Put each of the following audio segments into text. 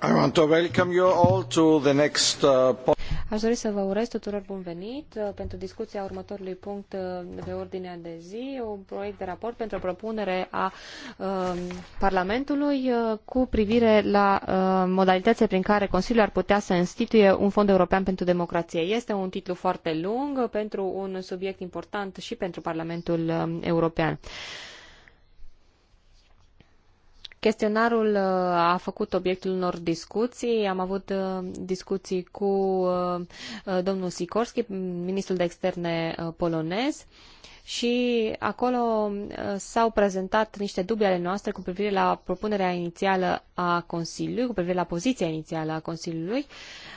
a uh, Aș dori să vă urez tuturor bun venit uh, pentru discuția următorului punct uh, pe ordinea de zi, un proiect de raport pentru o propunere a um, Parlamentului cu privire la modalitățile prin care Consiliul ar putea să instituie un fond european pentru democrație. Este un titlu foarte lung pentru un subiect important și pentru Parlamentul um, European. Chestionarul uh, a făcut obiectul unor discuții. Am avut uh, discuții cu uh, domnul Sikorski, ministrul de externe polonez, și acolo s-au prezentat niște dubii ale noastre cu privire la propunerea inițială a Consiliului, cu privire la poziția inițială a Consiliului. Uh,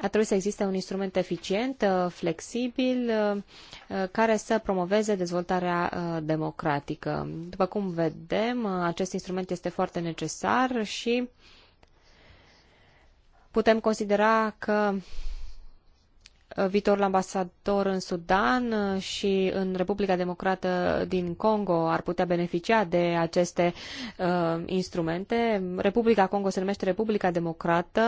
a trebuit să existe un instrument eficient, uh, flexibil, uh, uh, care să promoveze dezvoltarea democratică. După cum vedem, acest instrument este foarte necesar și putem considera că viitorul ambasador în Sudan și în Republica Democrată din Congo ar putea beneficia de aceste uh, instrumente. Republica Congo se numește Republica Democrată,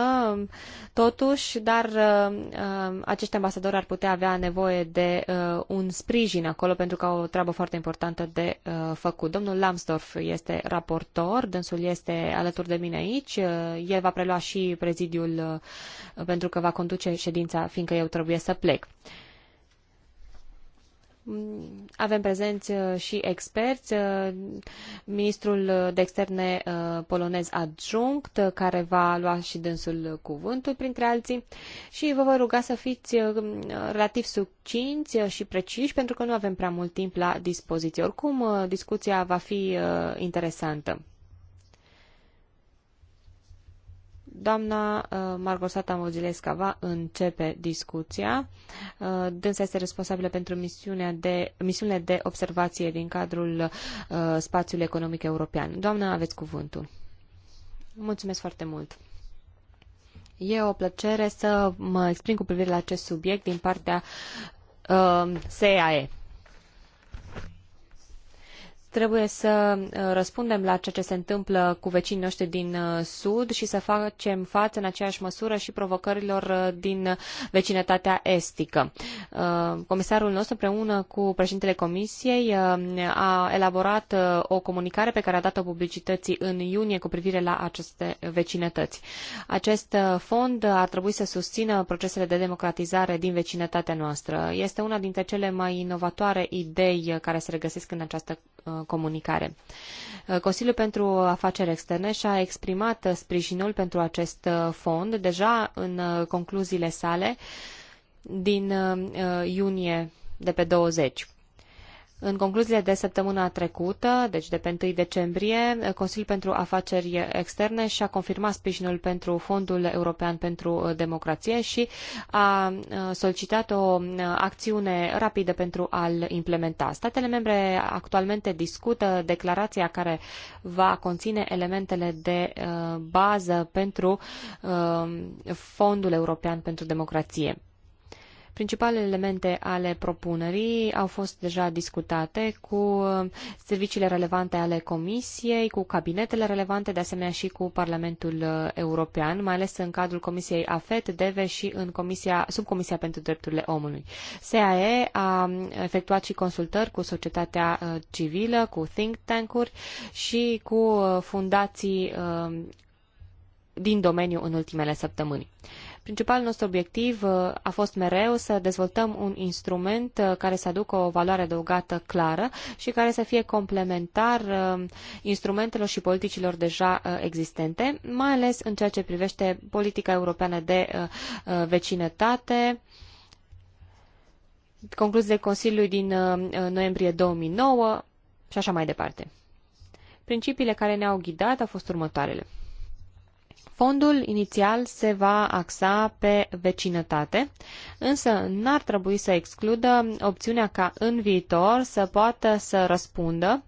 totuși, dar uh, uh, acești ambasadori ar putea avea nevoie de uh, un sprijin acolo pentru că au o treabă foarte importantă de uh, făcut. Domnul Lambsdorff este raportor, dânsul este alături de mine aici, uh, el va prelua și prezidiul uh, pentru că va conduce ședința, fiindcă eu trebuie trebuie să plec. Avem prezenți uh, și experți, uh, ministrul de externe uh, polonez adjunct, care va lua și dânsul cuvântul, printre alții, și vă voi ruga să fiți relativ succinți și preciși, pentru că nu avem prea mult timp la dispoziție. Oricum, discuția va fi interesantă. Doamna uh, Margosata Mozilesca va începe discuția. Uh, dânsa este responsabilă pentru misiunea de, misiunea de observație din cadrul uh, spațiului economic european. Doamna, aveți cuvântul. Mulțumesc foarte mult. E o plăcere să mă exprim cu privire la acest subiect din partea uh, SAE. Trebuie să uh, răspundem la ceea ce se întâmplă cu vecinii noștri din uh, sud și să facem față în aceeași măsură și provocărilor uh, din vecinătatea estică. Comisarul nostru, împreună cu președintele Comisiei, a elaborat o comunicare pe care a dat-o publicității în iunie cu privire la aceste vecinătăți. Acest fond ar trebui să susțină procesele de democratizare din vecinătatea noastră. Este una dintre cele mai inovatoare idei care se regăsesc în această uh, comunicare. Uh, Consiliul pentru Afaceri Externe și-a exprimat sprijinul pentru acest uh, fond deja în uh, concluziile sale din iunie de pe 20. În concluziile de săptămâna trecută, deci de pe 1 decembrie, Consiliul pentru Afaceri Externe și-a confirmat sprijinul pentru Fondul European pentru uh, Democrație și a uh, solicitat o uh, acțiune rapidă pentru a-l implementa. Statele membre actualmente discută declarația care va conține elementele de bază pentru Fondul European pentru Democrație. Principalele elemente ale propunerii au fost deja discutate cu serviciile relevante ale Comisiei, cu cabinetele relevante, de asemenea și cu Parlamentul European, mai ales în cadrul Comisiei AFET, DEVE și în comisia, Subcomisia pentru Drepturile Omului. SAE a efectuat și consultări cu societatea uh, civilă, cu think tank-uri și cu uh, fundații uh, din domeniu în ultimele săptămâni. Principalul nostru obiectiv uh, a fost mereu să dezvoltăm un instrument uh, care să aducă o valoare adăugată clară și care să fie complementar uh, instrumentelor și politicilor deja existente, mai ales în ceea ce privește politica europeană de vecinătate, concluziile Consiliului din noiembrie 2009 și așa mai departe. Principiile care ne-au ghidat au fost următoarele. Fondul inițial se va axa pe vecinătate, însă n-ar trebui să excludă opțiunea ca în viitor să poată să răspundă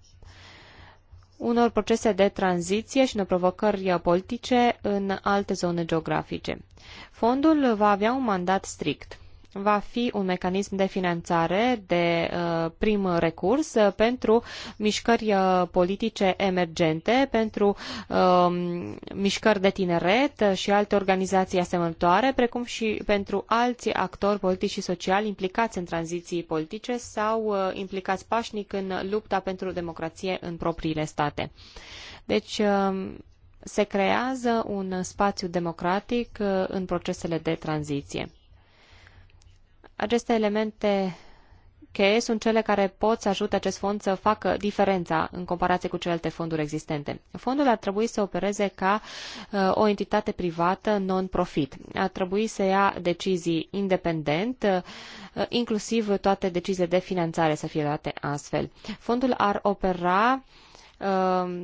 unor procese de tranziție și unor provocări politice în alte zone geografice. Fondul va avea un mandat strict va fi un mecanism de finanțare de uh, prim recurs uh, pentru mișcări uh, politice emergente, pentru um, mișcări de tineret și alte organizații asemănătoare, precum și pentru alți actori politici și sociali implicați în tranziții politice sau implicați pașnic în lupta pentru democrație în propriile state. Deci, um, se creează un spațiu democratic în procesele de tranziție. Aceste elemente cheie sunt cele care pot să ajute acest fond să facă diferența în comparație cu celelalte fonduri existente. Fondul ar trebui să opereze ca uh, o entitate privată non-profit. Ar trebui să ia decizii independent, uh, inclusiv toate deciziile de finanțare să fie luate astfel. Fondul ar opera uh,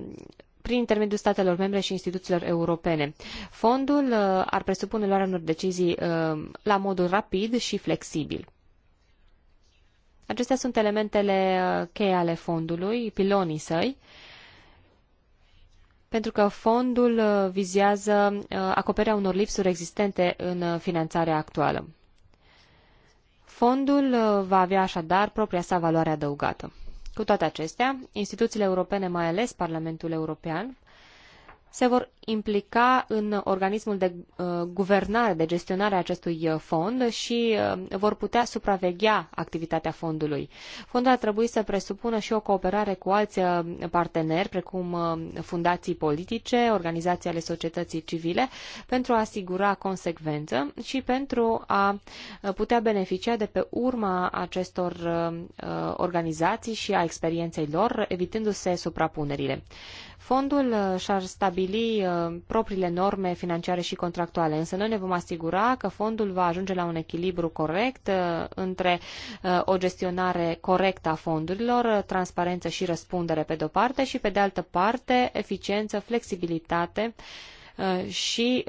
prin intermediul statelor membre și instituțiilor europene. Fondul uh, ar presupune luarea unor decizii uh, la modul rapid și flexibil. Acestea sunt elementele uh, cheie ale fondului, pilonii săi, pentru că fondul vizează acoperirea unor lipsuri existente în finanțarea actuală. Fondul va avea așadar propria sa valoare adăugată. Cu toate acestea, instituțiile europene, mai ales Parlamentul European, se vor implica în organismul de uh, guvernare, de gestionare a acestui uh, fond și uh, vor putea supraveghea activitatea fondului. Fondul ar trebui să presupună și o cooperare cu alți parteneri, precum fundații politice, organizații ale societății civile, pentru a asigura consecvență și pentru a putea beneficia de pe urma acestor organizații și a experienței lor, evitându-se suprapunerile. Fondul uh, și-ar stabili uh, propriile norme financiare și contractuale, însă noi ne vom asigura că fondul va ajunge la un echilibru corect uh, între o gestionare corectă a fondurilor, transparență și răspundere pe de-o parte și pe de altă parte eficiență, flexibilitate și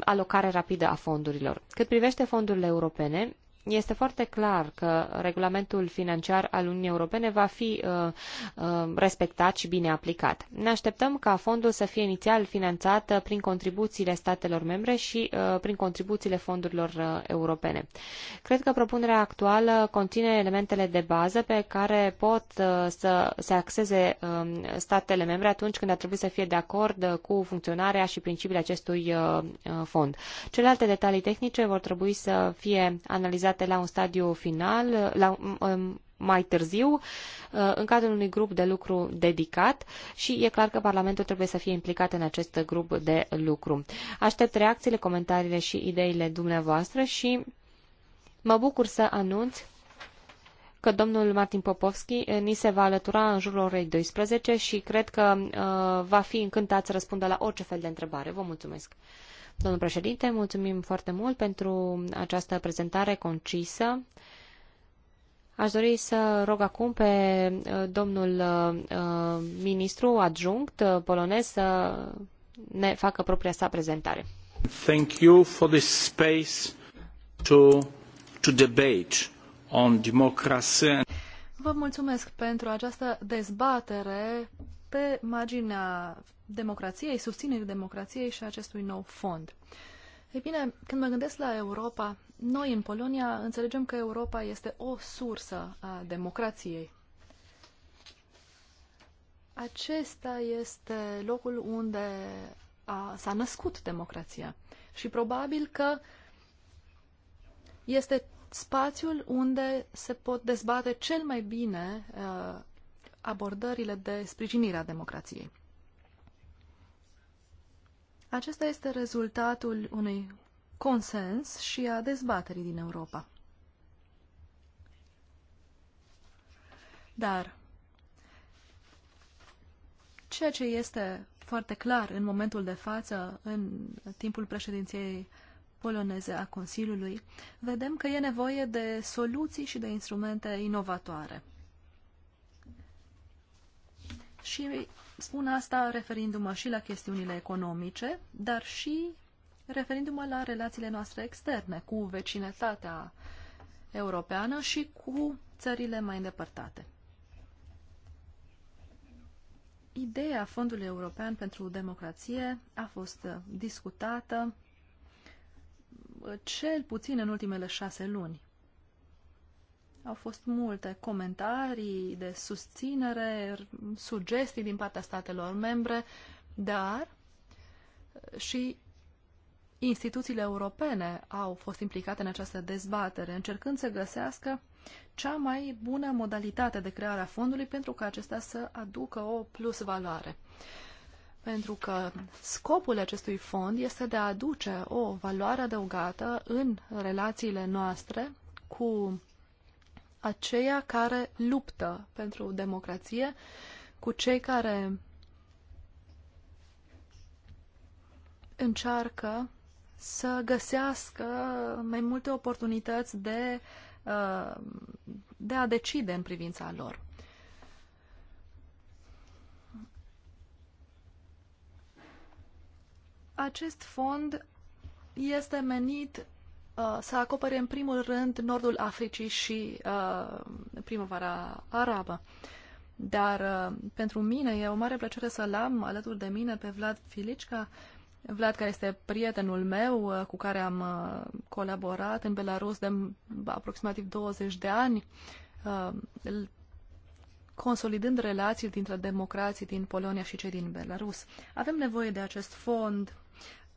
alocare rapidă a fondurilor. Cât privește fondurile europene, este foarte clar că regulamentul financiar al Uniunii Europene va fi uh, uh, respectat și bine aplicat. Ne așteptăm ca fondul să fie inițial finanțat uh, prin contribuțiile statelor membre și prin contribuțiile fondurilor europene. Cred că propunerea actuală conține elementele de bază pe care pot să se axeze um, statele membre atunci când ar trebui să fie de acord cu funcționarea și principiile acestui fond. Celelalte detalii tehnice vor trebui să fie analizate realizate la un stadiu final, la, mai târziu, uh, în cadrul unui grup de lucru dedicat și e clar că Parlamentul trebuie să fie implicat în acest grup de lucru. Aștept reacțiile, comentariile și ideile dumneavoastră și mă bucur să anunț că domnul Martin Popovski eh, ni se va alătura în jurul orei 12 și cred că uh, va fi încântat să răspundă la orice fel de întrebare. Vă mulțumesc! Domnul președinte, mulțumim foarte mult pentru această prezentare concisă. Aș dori să rog acum pe uh, domnul uh, ministru adjunct uh, polonez să ne facă propria sa prezentare. Thank you for this space to, to debate on democracy. Vă mulțumesc pentru această dezbatere pe marginea democrației, susținerii democrației și acestui nou fond. Ei bine, când mă gândesc la Europa, noi în Polonia înțelegem că Europa este o sursă a democrației. Acesta este locul unde a, s-a născut democrația și probabil că este spațiul unde se pot dezbate cel mai bine uh, abordările de sprijinire a democrației. Acesta este rezultatul unui consens și a dezbaterii din Europa. Dar ceea ce este foarte clar în momentul de față, în timpul președinției poloneze a Consiliului, vedem că e nevoie de soluții și de instrumente inovatoare. Și spun asta referindu-mă și la chestiunile economice, dar și referindu-mă la relațiile noastre externe cu vecinătatea europeană și cu țările mai îndepărtate. Ideea Fondului European pentru Democrație a fost discutată cel puțin în ultimele șase luni. Au fost multe comentarii de susținere, sugestii din partea statelor membre, dar uh, și instituțiile europene au fost implicate în această dezbatere, încercând să găsească cea mai bună modalitate de creare a fondului pentru ca acesta să aducă o plus valoare. Pentru că scopul acestui fond este de a aduce o valoare adăugată în relațiile noastre cu aceia care luptă pentru democrație, cu cei care încearcă să găsească mai multe oportunități de, uh, de a decide în privința lor. Acest fond este menit Uh, să acopere în primul rând nordul Africii și uh, primăvara arabă. Dar uh, pentru mine e o mare plăcere să-l am alături de mine pe Vlad Filicca, Vlad, care este prietenul meu, uh, cu care am uh, colaborat în Belarus de aproximativ 20 de ani, consolidând relații dintre democrații din Polonia și cei din Belarus. Avem nevoie de acest fond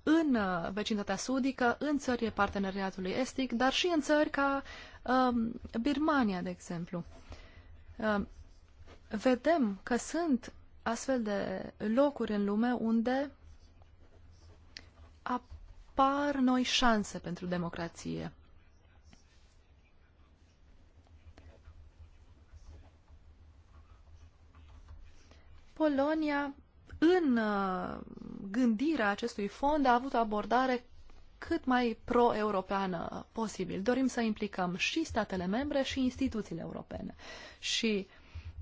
în uh, vecinătatea sudică, în țările parteneriatului estic, dar și în țări ca um, Birmania, de exemplu. Um, vedem că sunt astfel de locuri în lume unde apar noi șanse pentru democrație. Polonia în uh, gândirea acestui fond a avut o abordare cât mai pro-europeană posibil. Dorim să implicăm și statele membre și instituțiile europene. Și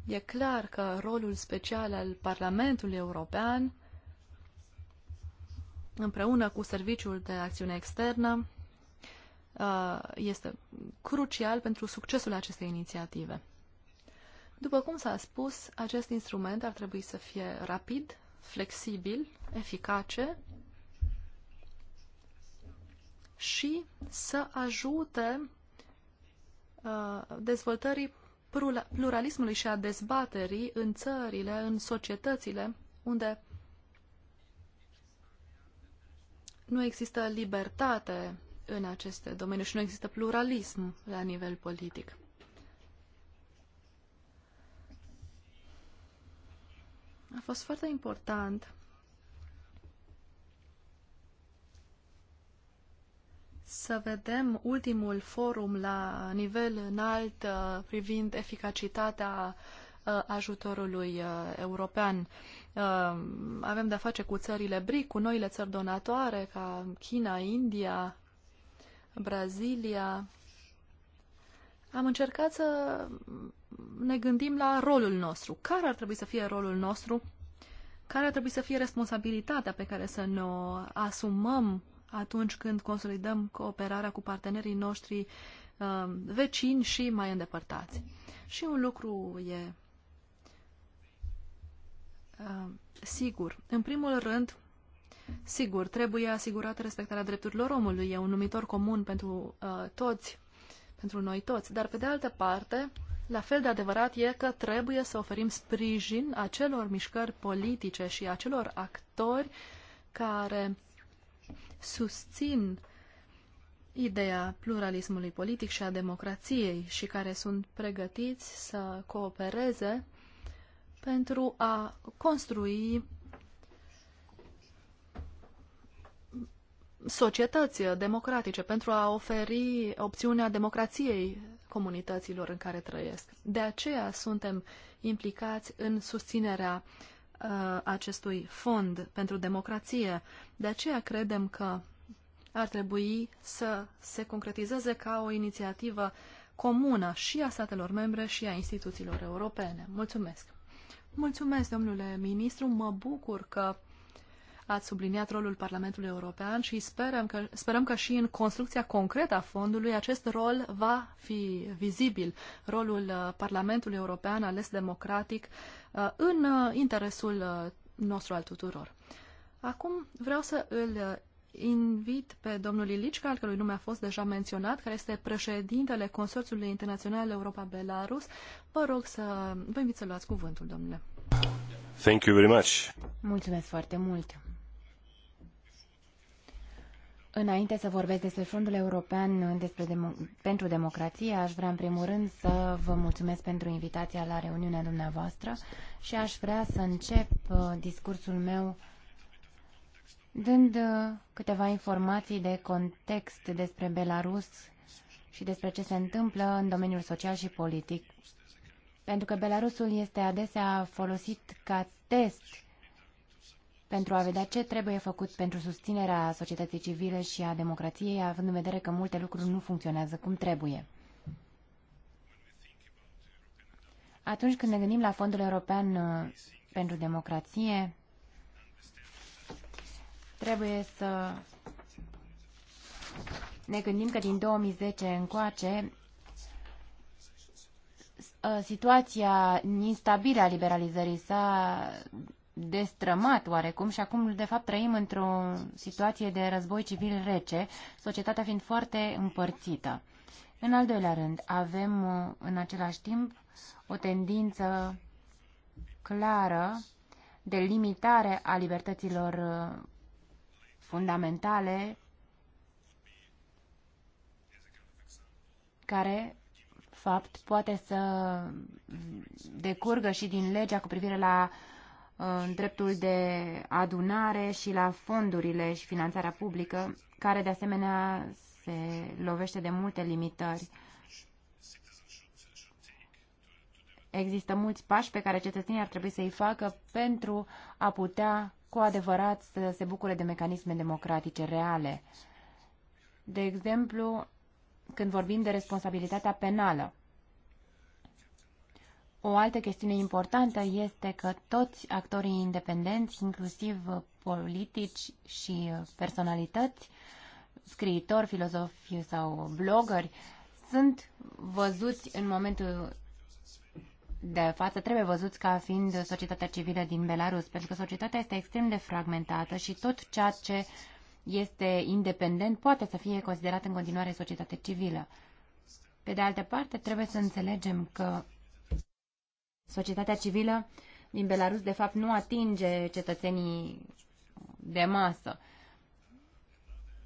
e clar că rolul special al Parlamentului European împreună cu Serviciul de Acțiune Externă uh, este crucial pentru succesul acestei inițiative. După cum s-a spus, acest instrument ar trebui să fie rapid, flexibil, eficace și să ajute uh, dezvoltării pluralismului și a dezbaterii în țările, în societățile unde nu există libertate în aceste domenii și nu există pluralism la nivel politic. A fost foarte important să vedem ultimul forum la nivel înalt uh, privind eficacitatea uh, ajutorului uh, european. Avem de-a face cu țările BRIC, cu noile țări donatoare ca China, India, Brazilia, am încercat să ne gândim la rolul nostru. Care ar trebui să fie rolul nostru? Care ar trebui să fie responsabilitatea pe care să ne o asumăm atunci când consolidăm cooperarea cu partenerii noștri um, vecini și mai îndepărtați? Și un lucru e um, sigur. În primul rând, sigur, trebuie asigurată respectarea drepturilor omului. E un numitor comun pentru uh, toți pentru noi toți. Dar, pe de altă parte, la fel de adevărat e că trebuie să oferim sprijin acelor mișcări politice și acelor actori care susțin ideea pluralismului politic și a democrației și care sunt pregătiți să coopereze pentru a construi societăți democratice, pentru a oferi opțiunea democrației comunităților în care trăiesc. De aceea suntem implicați în susținerea uh, acestui fond pentru democrație. De aceea credem că ar trebui să se concretizeze ca o inițiativă comună și a statelor membre și a instituțiilor europene. Mulțumesc! Mulțumesc, domnule ministru, mă bucur că ați subliniat rolul Parlamentului European și sperăm că, sperăm că și în construcția concretă a fondului acest rol va fi vizibil, rolul uh, Parlamentului European ales democratic uh, în uh, interesul nostru al tuturor. Acum vreau să îl invit pe domnul Ilicica, al cărui nume a fost deja menționat, care este președintele Consorțiului Internațional Europa Belarus. Vă rog să vă invit să luați cuvântul, domnule. Thank you very much. Mulțumesc foarte mult. Înainte să vorbesc despre Fondul European despre demo- pentru Democrație, aș vrea în primul rând să vă mulțumesc pentru invitația la reuniunea dumneavoastră și aș vrea să încep uh, discursul meu dând uh, câteva informații de context despre Belarus și despre ce se întâmplă în domeniul social și politic. Pentru că Belarusul este adesea folosit ca test pentru a vedea ce trebuie făcut pentru susținerea societății civile și a democrației, având în vedere că multe lucruri nu funcționează cum trebuie. Atunci când ne gândim la Fondul European uh, pentru Democrație, trebuie să ne gândim că din 2010 încoace uh, situația instabilă a liberalizării s-a destrămat oarecum și acum, de fapt, trăim într-o situație de război civil rece, societatea fiind foarte împărțită. În al doilea rând, avem uh, în același timp o tendință clară de limitare a libertăților uh, fundamentale care fapt poate să decurgă și din legea cu privire la uh, Uh, dreptul de adunare și la fondurile și finanțarea publică, care de asemenea se lovește de multe limitări. Există mulți pași pe care cetățenii ar trebui să-i facă pentru a putea cu adevărat să se bucure de mecanisme democratice reale. De exemplu, când vorbim de responsabilitatea penală. O altă chestiune importantă este că toți actorii independenți, inclusiv politici și personalități, scriitori, filozofi sau blogări, sunt văzuți în momentul de față, trebuie văzuți ca fiind societatea civilă din Belarus, pentru că societatea este extrem de fragmentată și tot ceea ce este independent poate să fie considerat în continuare societate civilă. Pe de altă parte, trebuie să înțelegem că Societatea civilă din Belarus, de fapt, nu atinge cetățenii de masă.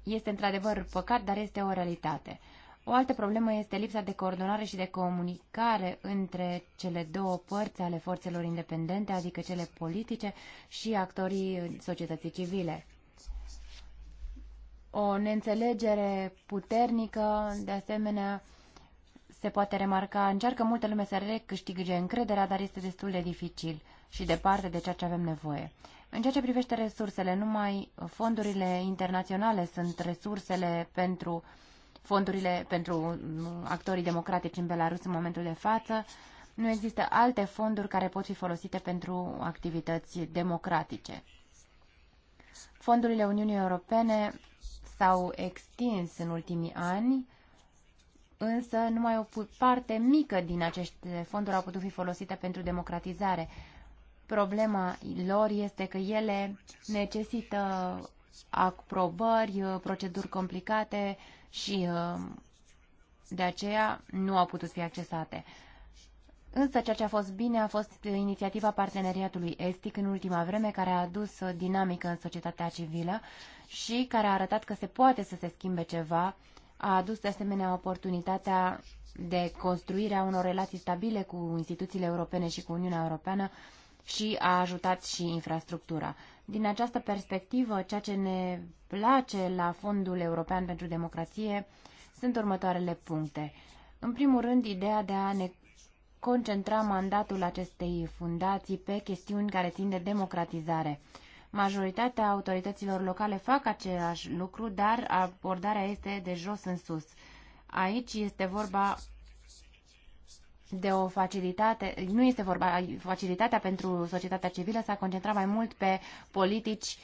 Este într-adevăr păcat, dar este o realitate. O altă problemă este lipsa de coordonare și de comunicare între cele două părți ale forțelor independente, adică cele politice și actorii societății civile. O neînțelegere puternică, de asemenea, se poate remarca, încearcă multă lume să recâștige încrederea, dar este destul de dificil și departe de ceea ce avem nevoie. În ceea ce privește resursele, numai fondurile internaționale sunt resursele pentru fondurile pentru actorii democratici în Belarus în momentul de față. Nu există alte fonduri care pot fi folosite pentru activități democratice. Fondurile Uniunii Europene s-au extins în ultimii ani însă numai o parte mică din aceste fonduri au putut fi folosite pentru democratizare. Problema lor este că ele necesită aprobări, proceduri complicate și uh, de aceea nu au putut fi accesate. Însă ceea ce a fost bine a fost inițiativa parteneriatului estic în ultima vreme, care a adus uh, dinamică în societatea civilă și care a arătat că se poate să se schimbe ceva a adus de asemenea oportunitatea de construirea unor relații stabile cu instituțiile europene și cu Uniunea Europeană și a ajutat și infrastructura. Din această perspectivă, ceea ce ne place la Fondul European pentru Democrație sunt următoarele puncte. În primul rând, ideea de a ne concentra mandatul acestei fundații pe chestiuni care țin de democratizare. Majoritatea autorităților locale fac același lucru, dar abordarea este de jos în sus. Aici este vorba de o facilitate, nu este vorba, facilitatea pentru societatea civilă s-a concentrat mai mult pe politici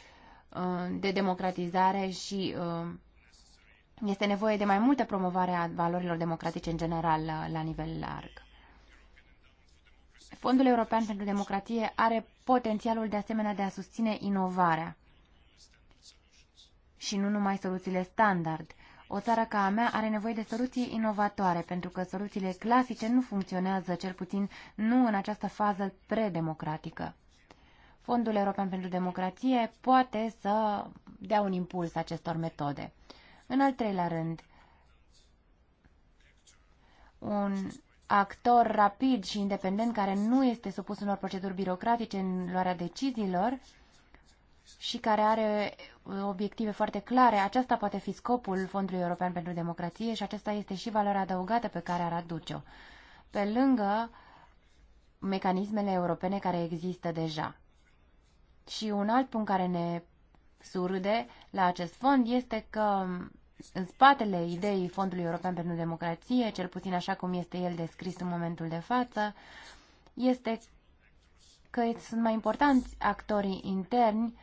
uh, de democratizare și uh, este nevoie de mai multă promovare a valorilor democratice în general uh, la nivel larg. Fondul European pentru Democrație are potențialul de asemenea de a susține inovarea și nu numai soluțiile standard. O țară ca a mea are nevoie de soluții inovatoare, pentru că soluțiile clasice nu funcționează, cel puțin nu în această fază predemocratică. Fondul European pentru Democrație poate să dea un impuls acestor metode. În al treilea rând, un actor rapid și independent care nu este supus unor proceduri birocratice în luarea deciziilor și care are uh, obiective foarte clare. Aceasta poate fi scopul Fondului European pentru Democrație și aceasta este și valoarea adăugată pe care ar aduce-o, pe lângă mecanismele europene care există deja. Și un alt punct care ne surâde la acest fond este că în spatele ideii Fondului European pentru Democrație, cel puțin așa cum este el descris în momentul de față, este că sunt mai importanți actorii interni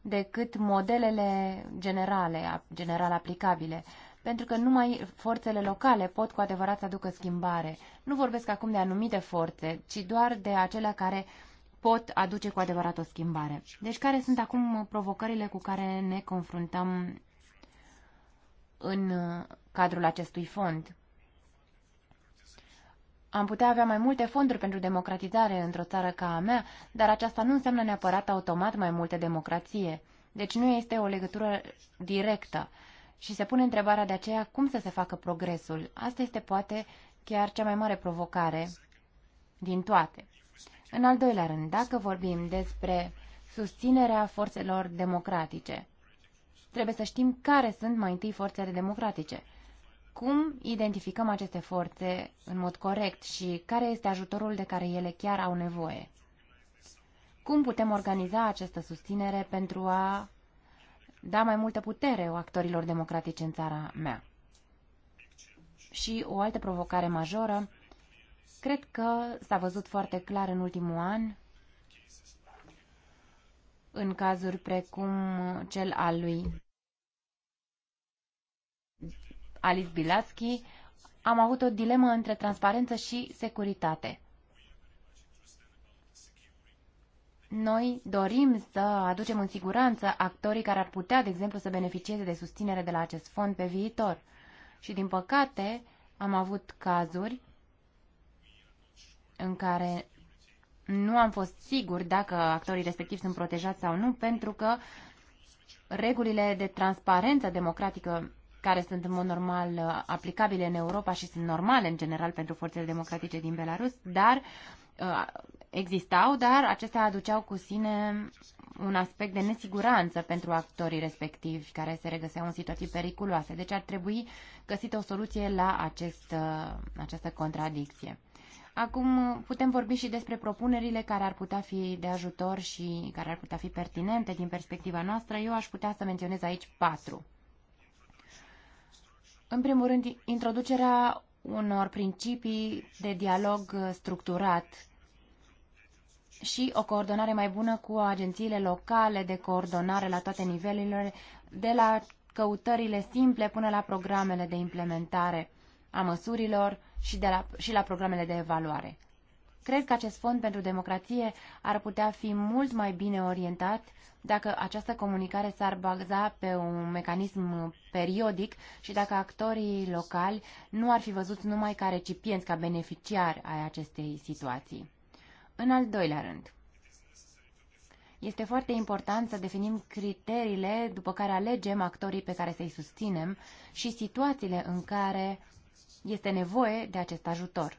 decât modelele generale, general aplicabile, pentru că numai forțele locale pot cu adevărat să aducă schimbare. Nu vorbesc acum de anumite forțe, ci doar de acelea care pot aduce cu adevărat o schimbare. Deci care sunt acum provocările cu care ne confruntăm în uh, cadrul acestui fond. Am putea avea mai multe fonduri pentru democratizare într-o țară ca a mea, dar aceasta nu înseamnă neapărat automat mai multă democrație. Deci nu este o legătură directă. Și se pune întrebarea de aceea cum să se facă progresul. Asta este poate chiar cea mai mare provocare din toate. În al doilea rând, dacă vorbim despre susținerea forțelor democratice, Trebuie să știm care sunt mai întâi forțele democratice. Cum identificăm aceste forțe în mod corect și care este ajutorul de care ele chiar au nevoie? Cum putem organiza această susținere pentru a da mai multă putere actorilor democratici în țara mea? Și o altă provocare majoră, cred că s-a văzut foarte clar în ultimul an în cazuri precum cel al lui Alice Bilatsky, am avut o dilemă între transparență și securitate. Noi dorim să aducem în siguranță actorii care ar putea, de exemplu, să beneficieze de susținere de la acest fond pe viitor. Și, din păcate, am avut cazuri în care nu am fost sigur dacă actorii respectivi sunt protejați sau nu, pentru că regulile de transparență democratică care sunt în mod normal uh, aplicabile în Europa și sunt normale în general pentru forțele democratice din Belarus, dar uh, existau, dar acestea aduceau cu sine un aspect de nesiguranță pentru actorii respectivi care se regăseau în situații periculoase. Deci ar trebui găsită o soluție la acest, uh, această contradicție. Acum uh, putem vorbi și despre propunerile care ar putea fi de ajutor și care ar putea fi pertinente din perspectiva noastră. Eu aș putea să menționez aici patru. În primul rând, introducerea unor principii de dialog uh, structurat și o coordonare mai bună cu agențiile locale de coordonare la toate nivelurile, de la căutările simple până la programele de implementare a măsurilor, și, de la, și la programele de evaluare. Cred că acest fond pentru democrație ar putea fi mult mai bine orientat dacă această comunicare s-ar baza pe un mecanism periodic și dacă actorii locali nu ar fi văzut numai ca recipienți, ca beneficiari ai acestei situații. În al doilea rând, este foarte important să definim criteriile după care alegem actorii pe care să-i susținem și situațiile în care este nevoie de acest ajutor.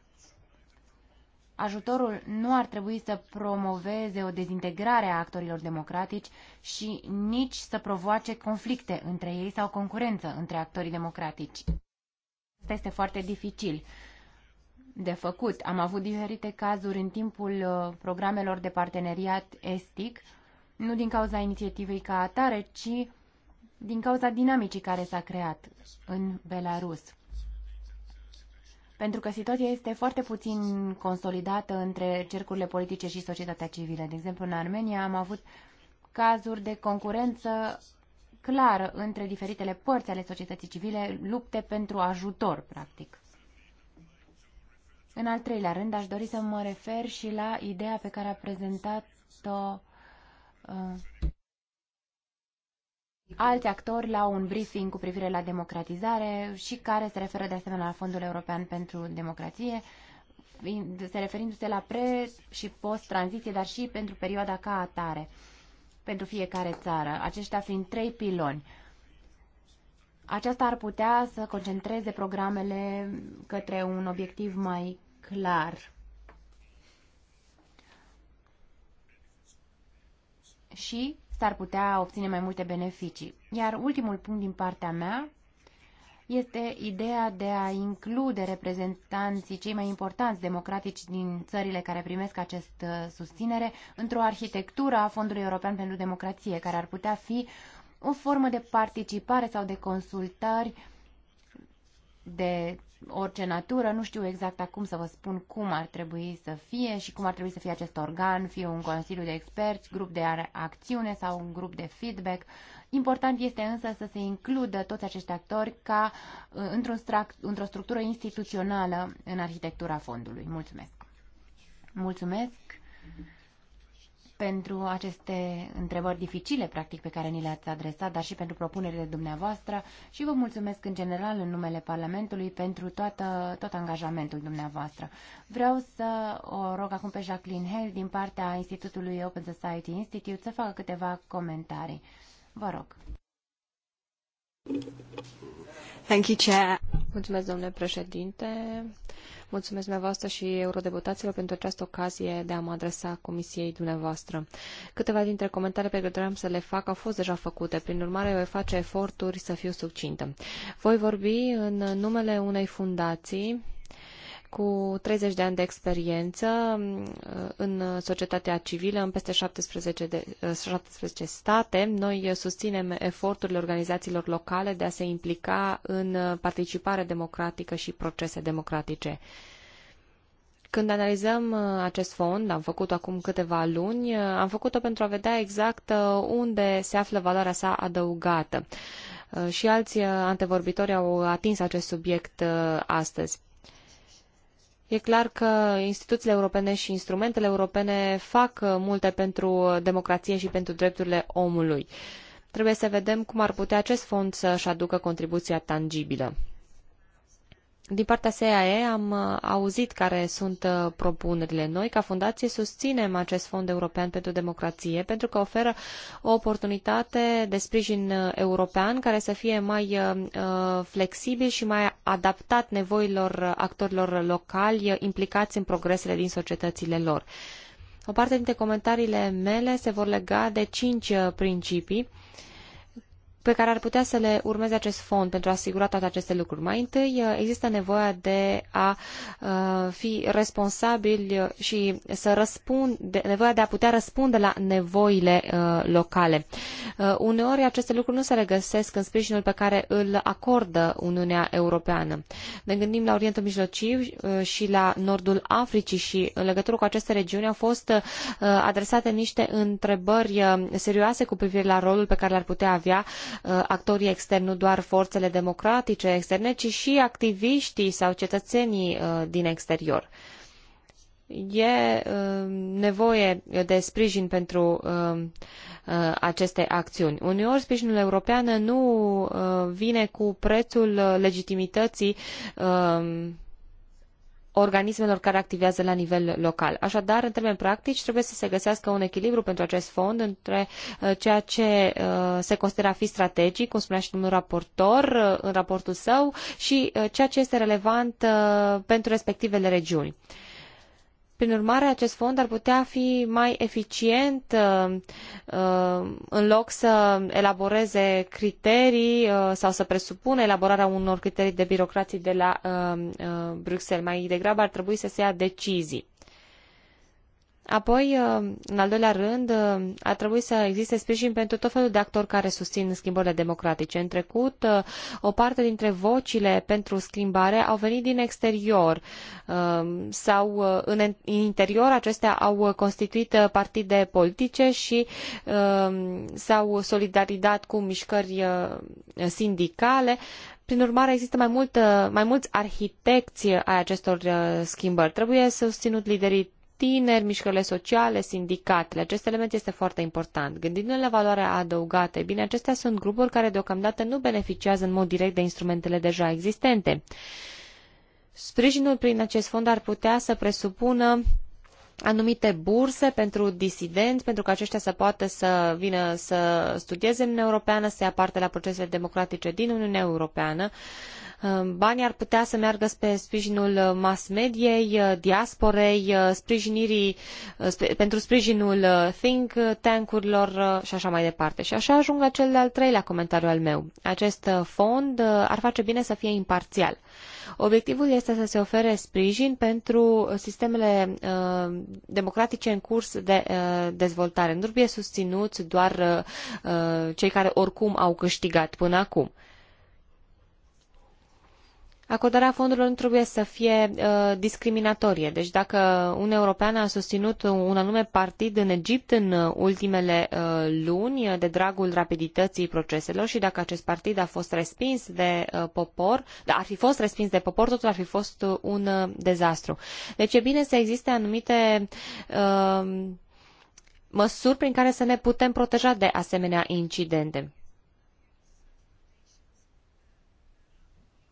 Ajutorul nu ar trebui să promoveze o dezintegrare a actorilor democratici și nici să provoace conflicte între ei sau concurență între actorii democratici. Asta este foarte dificil de făcut. Am avut diferite cazuri în timpul uh, programelor de parteneriat estic, nu din cauza inițiativei ca atare, ci din cauza dinamicii care s-a creat în Belarus pentru că situația este foarte puțin consolidată între cercurile politice și societatea civilă. De exemplu, în Armenia am avut cazuri de concurență clară între diferitele părți ale societății civile, lupte pentru ajutor, practic. În al treilea rând, aș dori să mă refer și la ideea pe care a prezentat-o uh, alți actori la un briefing cu privire la democratizare și care se referă de asemenea la Fondul European pentru Democrație, se referindu-se la pre- și post-tranziție, dar și pentru perioada ca atare, pentru fiecare țară, aceștia fiind trei piloni. Aceasta ar putea să concentreze programele către un obiectiv mai clar. Și s-ar putea obține mai multe beneficii. Iar ultimul punct din partea mea este ideea de a include reprezentanții cei mai importanți democratici din țările care primesc acest uh, susținere într-o arhitectură a Fondului European pentru Democrație, care ar putea fi o formă de participare sau de consultări de orice natură. Nu știu exact acum să vă spun cum ar trebui să fie și cum ar trebui să fie acest organ, fie un consiliu de experți, grup de acțiune sau un grup de feedback. Important este însă să se includă toți acești actori ca uh, într-o, într structură instituțională în arhitectura fondului. Mulțumesc! Mulțumesc! pentru aceste întrebări dificile, practic, pe care ni le-ați adresat, dar și pentru propunerile dumneavoastră și vă mulțumesc în general în numele Parlamentului pentru toată, tot angajamentul dumneavoastră. Vreau să o rog acum pe Jacqueline Hell din partea Institutului Open Society Institute să facă câteva comentarii. Vă rog. Thank you, Chair. Mulțumesc, domnule președinte. Mulțumesc dumneavoastră și eurodeputaților pentru această ocazie de a mă adresa Comisiei dumneavoastră. Câteva dintre comentarii pe care doream să le fac au fost deja făcute, prin urmare voi face eforturi să fiu succintă. Voi vorbi în numele unei fundații cu 30 de ani de experiență mm, în societatea civilă, în peste 17, de, 17 eh, state. Noi susținem eforturile organizațiilor locale de a se implica în participare democratică și procese democratice. Când analizăm eh, acest fond, am făcut acum câteva luni, eh, am făcut-o pentru a vedea exact unde se află valoarea sa adăugată. Și alți antevorbitori au atins acest subiect astăzi. E clar că instituțiile europene și instrumentele europene fac uh, multe pentru democrație și pentru drepturile omului. Trebuie să vedem cum ar putea acest fond să-și aducă contribuția tangibilă. Din partea SAE am uh, auzit care sunt uh, propunerile. Noi, ca fundație, susținem acest fond european pentru democrație pentru că oferă o oportunitate de sprijin uh, european care să fie mai flexibil și mai adaptat nevoilor actorilor locali implicați în progresele din societățile lor. O parte dintre comentariile mele se vor lega de cinci principii pe care ar putea să le urmeze acest fond pentru a asigura toate aceste lucruri. Mai întâi, uh, există nevoia de a uh, fi responsabil uh, și să răspund, nevoia de a putea răspunde la nevoile locale. Uneori, aceste lucruri nu se regăsesc în sprijinul pe care îl acordă Uniunea Europeană. Ne gândim la Orientul Mijlociu și la Nordul Africii și în legătură cu aceste regiuni au fost adresate niște întrebări serioase cu privire la rolul pe care l-ar putea avea Uh, actorii externi, nu doar forțele democratice externe, ci și activiștii sau cetățenii uh, din exterior. E uh, nevoie de sprijin pentru aceste acțiuni. Uneori sprijinul european nu vine cu prețul legitimității organismelor care activează la nivel local. Așadar, în termeni practici, trebuie să se găsească un echilibru pentru acest fond între uh, ceea ce uh, se consideră a fi strategic, cum spunea și domnul raportor uh, în raportul său, și ceea ce este relevant pentru respectivele regiuni. Prin urmare, acest fond ar putea fi mai eficient uh, uh, în loc să elaboreze criterii uh, sau să presupună elaborarea unor criterii de birocrații de la Bruxelles. Mai degrabă ar trebui să se ia decizii. Apoi, în al doilea rând, ar trebui să existe sprijin pentru tot felul de actori care susțin schimbările democratice. În trecut, o parte dintre vocile pentru schimbare au venit din exterior um, sau în interior acestea au constituit partide politice și um, s-au solidarizat cu mișcări uh, sindicale. Prin urmare, există mai, mult, uh, mai mulți arhitecți ai acestor uh, schimbări. Trebuie susținut liderii tineri, mișcările sociale, sindicatele. Acest element este foarte important. Gândindu-ne la valoarea adăugată, e bine, acestea sunt grupuri care deocamdată nu beneficiază în mod direct de instrumentele deja existente. Sprijinul prin acest fond ar putea să presupună anumite burse pentru disidenți, pentru că aceștia să poată să vină să studieze în Uniunea Europeană, să ia parte la procesele democratice din Uniunea Europeană. Uh, Ehm, banii ar putea să meargă spre sprijinul uh, mass mediei, uh, diasporei, uh, sprijinirii, pentru sprijinul think tank-urilor și așa mai departe. Și așa ajung la cel de-al treilea comentariu al meu. Acest fond ar face bine să fie imparțial. Obiectivul este să se ofere sprijin pentru sistemele uh, democratice în curs de uh, dezvoltare. Nu trebuie susținuți doar uh, cei care oricum au câștigat până acum acordarea fondurilor nu trebuie să fie uh, discriminatorie. Deci dacă un european a susținut un anume partid în Egipt în uh, ultimele uh, luni uh, de dragul rapidității proceselor și dacă acest partid a fost respins de uh, popor, da, ar fi fost respins de popor, totul ar fi fost uh, un uh, dezastru. Deci e bine să existe anumite măsuri prin care să ne putem proteja de asemenea incidente.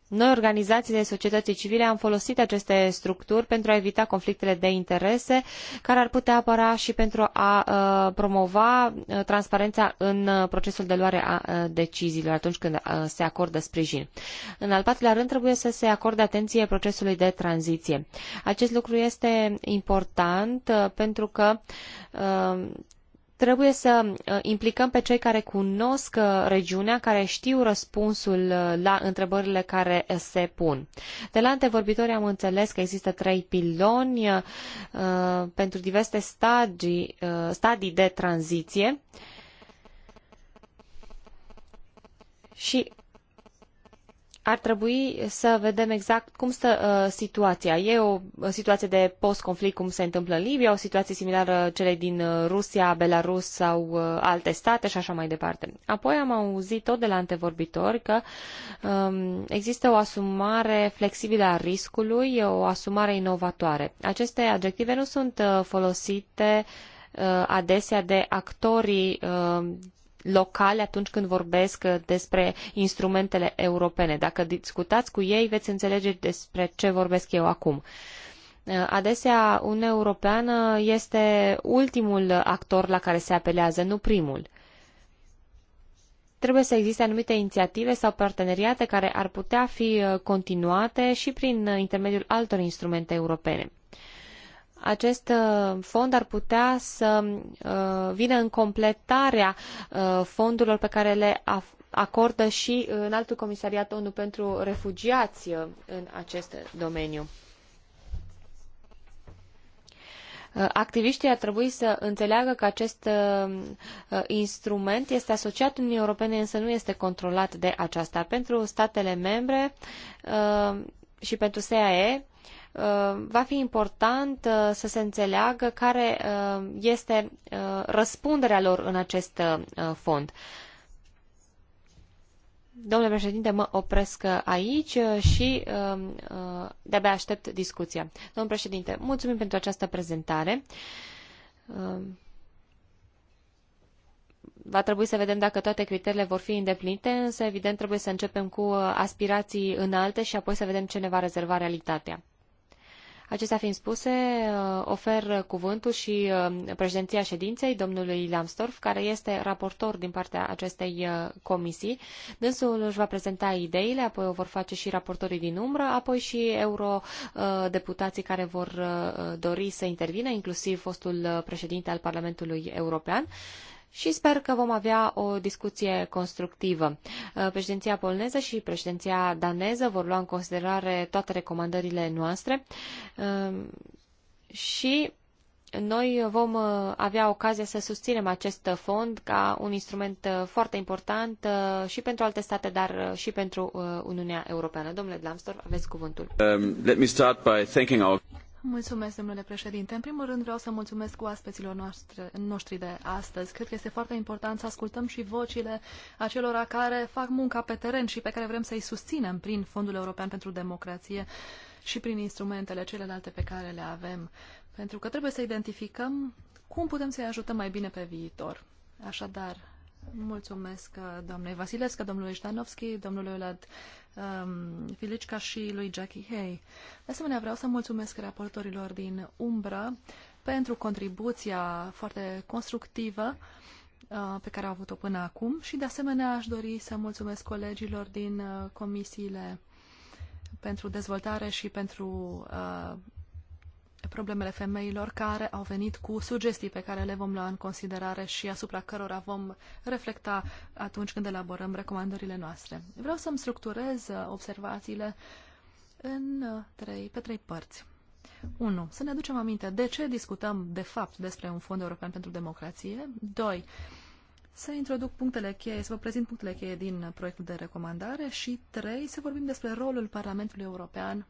Noi, organizațiile societății civile, am folosit aceste structuri pentru a evita conflictele de interese care ar putea apăra și pentru a uh, promova uh, transparența în uh, procesul de luare a deciziilor atunci când se acordă sprijin. În al patrulea rând, trebuie să se acorde atenție procesului de tranziție. Acest lucru este important pentru că Trebuie să uh, implicăm pe cei care cunosc uh, regiunea, care știu răspunsul uh, la întrebările care se pun. De la antevorbitori am înțeles că există trei piloni uh, pentru diverse stagii, uh, stadii de tranziție. Și ar trebui să vedem exact cum stă uh, situația. E o situație de post-conflict, cum se întâmplă în Libia, o situație similară celei din uh, Rusia, Belarus sau uh, alte state și așa mai departe. Apoi am auzit tot de la antevorbitori că um, există o asumare flexibilă a riscului, o asumare inovatoare. Aceste adjective nu sunt uh, folosite uh, adesea de actorii uh, locale atunci când vorbesc uh, despre instrumentele europene. Dacă discutați cu ei, veți înțelege despre ce vorbesc eu acum. Uh, adesea, Uniunea Europeană este ultimul actor la care se apelează, nu primul trebuie să existe anumite inițiative sau parteneriate care ar putea fi uh, continuate și prin intermediul altor instrumente europene acest uh, fond ar putea să uh, vină în completarea uh, fondurilor pe care le acordă și în altul comisariat ONU pentru refugiați în acest domeniu. Activiștii ar trebui să înțeleagă că acest instrument este asociat Uniunii Europene, însă nu este controlat de aceasta. Pentru statele membre și pentru SAE, Uh, va fi important uh, să se înțeleagă care uh, este răspunderea lor în acest fond. Domnule președinte, mă opresc aici și de-abia aștept discuția. Domnule președinte, mulțumim pentru această prezentare. Va trebui să vedem dacă toate criteriile vor fi îndeplinite, însă evident trebuie să începem cu aspirații înalte și apoi să vedem ce ne va rezerva realitatea. Acestea fiind spuse, uh, ofer cuvântul și uh, președinția ședinței domnului Lamstorf, care este raportor din partea acestei uh, comisii. Dânsul își va prezenta ideile, apoi o vor face și raportorii din umbră, apoi și eurodeputații care vor dori să intervină, inclusiv fostul președinte al Parlamentului European și sper că vom avea o discuție constructivă. Uh, președinția polneză și președinția daneză vor lua în considerare toate recomandările noastre uh, și noi vom uh, avea ocazia să susținem acest fond ca un instrument foarte important și pentru alte state, dar și pentru Uniunea Europeană. Domnule Dlamstor, aveți cuvântul. Um, Mulțumesc, domnule președinte. În primul rând vreau să mulțumesc oaspeților noastre, noștri de astăzi. Cred că este foarte important să ascultăm și vocile acelora care fac munca pe teren și pe care vrem să-i susținem prin Fondul European pentru Democrație și prin instrumentele celelalte pe care le avem. Pentru că trebuie să identificăm cum putem să-i ajutăm mai bine pe viitor. Așadar, Mulțumesc uh, doamnei Vasilescu, domnului Ștanovski, domnului Olad um, Filicca și lui Jackie Hay. De asemenea, vreau să mulțumesc raportorilor din Umbra pentru contribuția foarte constructivă uh, pe care au avut-o până acum și, de asemenea, aș dori să mulțumesc colegilor din uh, comisiile pentru dezvoltare și pentru uh, problemele femeilor care au venit cu sugestii pe care le vom lua în considerare și asupra cărora vom reflecta atunci când elaborăm recomandările noastre. Vreau să-mi structurez uh, observațiile în uh, trei, pe trei părți. 1. Să ne aducem aminte de ce discutăm de fapt despre un fond european pentru democrație. 2. Să introduc punctele cheie, să vă prezint punctele cheie din proiectul de recomandare și 3. Să vorbim despre rolul Parlamentului European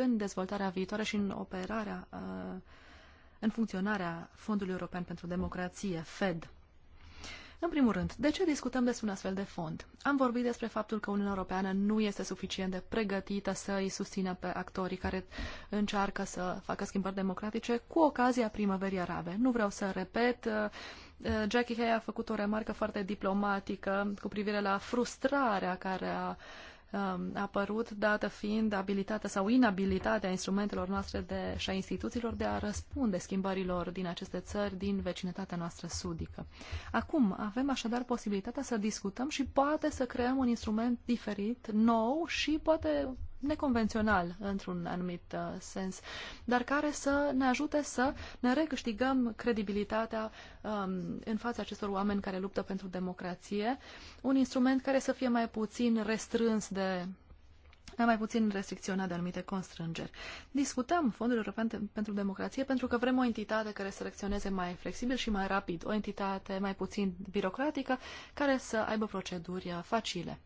în dezvoltarea viitoare și în operarea, uh, în funcționarea Fondului European pentru Democrație, FED. În primul rând, de ce discutăm despre un astfel de fond? Am vorbit despre faptul că Uniunea Europeană nu este suficient de pregătită să îi susțină pe actorii care încearcă să facă schimbări democratice cu ocazia primăverii arabe. Nu vreau să repet, uh, uh, Jackie Hay a făcut o remarcă foarte diplomatică cu privire la frustrarea care a uh, Um, a apărut, dată fiind abilitatea sau inabilitatea instrumentelor noastre de, și a instituțiilor de a răspunde schimbărilor din aceste țări, din vecinătatea noastră sudică. Acum avem așadar posibilitatea să discutăm și poate să creăm un instrument diferit, nou și poate neconvențional într-un anumit uh, sens, dar care să ne ajute să ne recâștigăm credibilitatea um, în fața acestor oameni care luptă pentru democrație, un instrument care să fie mai puțin restrâns de mai puțin restricționat de anumite constrângeri. Discutăm Fondul European pentru Democrație pentru că vrem o entitate care să reacționeze mai flexibil și mai rapid, o entitate mai puțin birocratică care să aibă proceduri uh, facile.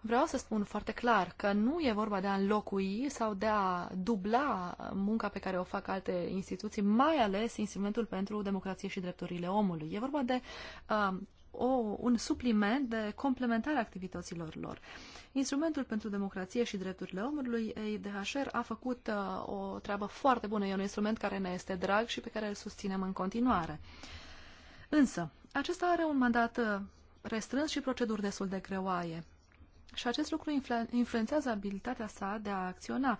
Vreau să spun foarte clar că nu e vorba de a înlocui sau de a dubla munca pe care o fac alte instituții, mai ales instrumentul pentru democrație și drepturile omului. E vorba de uh, o, un supliment de complementare activităților lor. Instrumentul pentru democrație și drepturile omului, EIDHR, a făcut uh, o treabă foarte bună. E un instrument care ne este drag și pe care îl susținem în continuare. Însă, acesta are un mandat uh, restrâns și proceduri destul de greoaie. Și acest lucru influențează abilitatea sa de a acționa.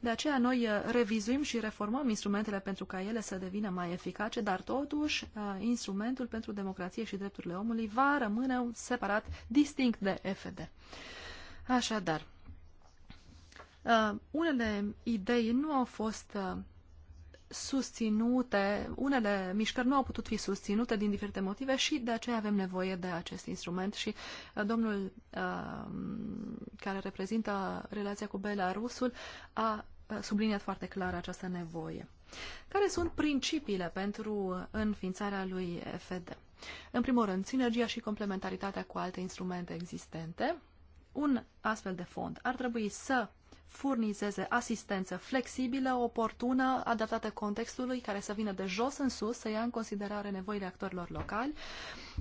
De aceea noi uh, revizuim și reformăm instrumentele pentru ca ele să devină mai eficace, dar totuși uh, instrumentul pentru democrație și drepturile omului va rămâne separat, distinct de FD. Așadar, uh, unele idei nu au fost susținute, unele mișcări nu au putut fi susținute din diferite motive și de aceea avem nevoie de acest instrument și uh, domnul uh, care reprezintă relația cu Belarusul a uh, subliniat foarte clar această nevoie. Care sunt principiile pentru înființarea lui FED? În primul rând, sinergia și complementaritatea cu alte instrumente existente. Un astfel de fond ar trebui să furnizeze asistență flexibilă, oportună, adaptată contextului, care să vină de jos în sus, să ia în considerare nevoile actorilor locali.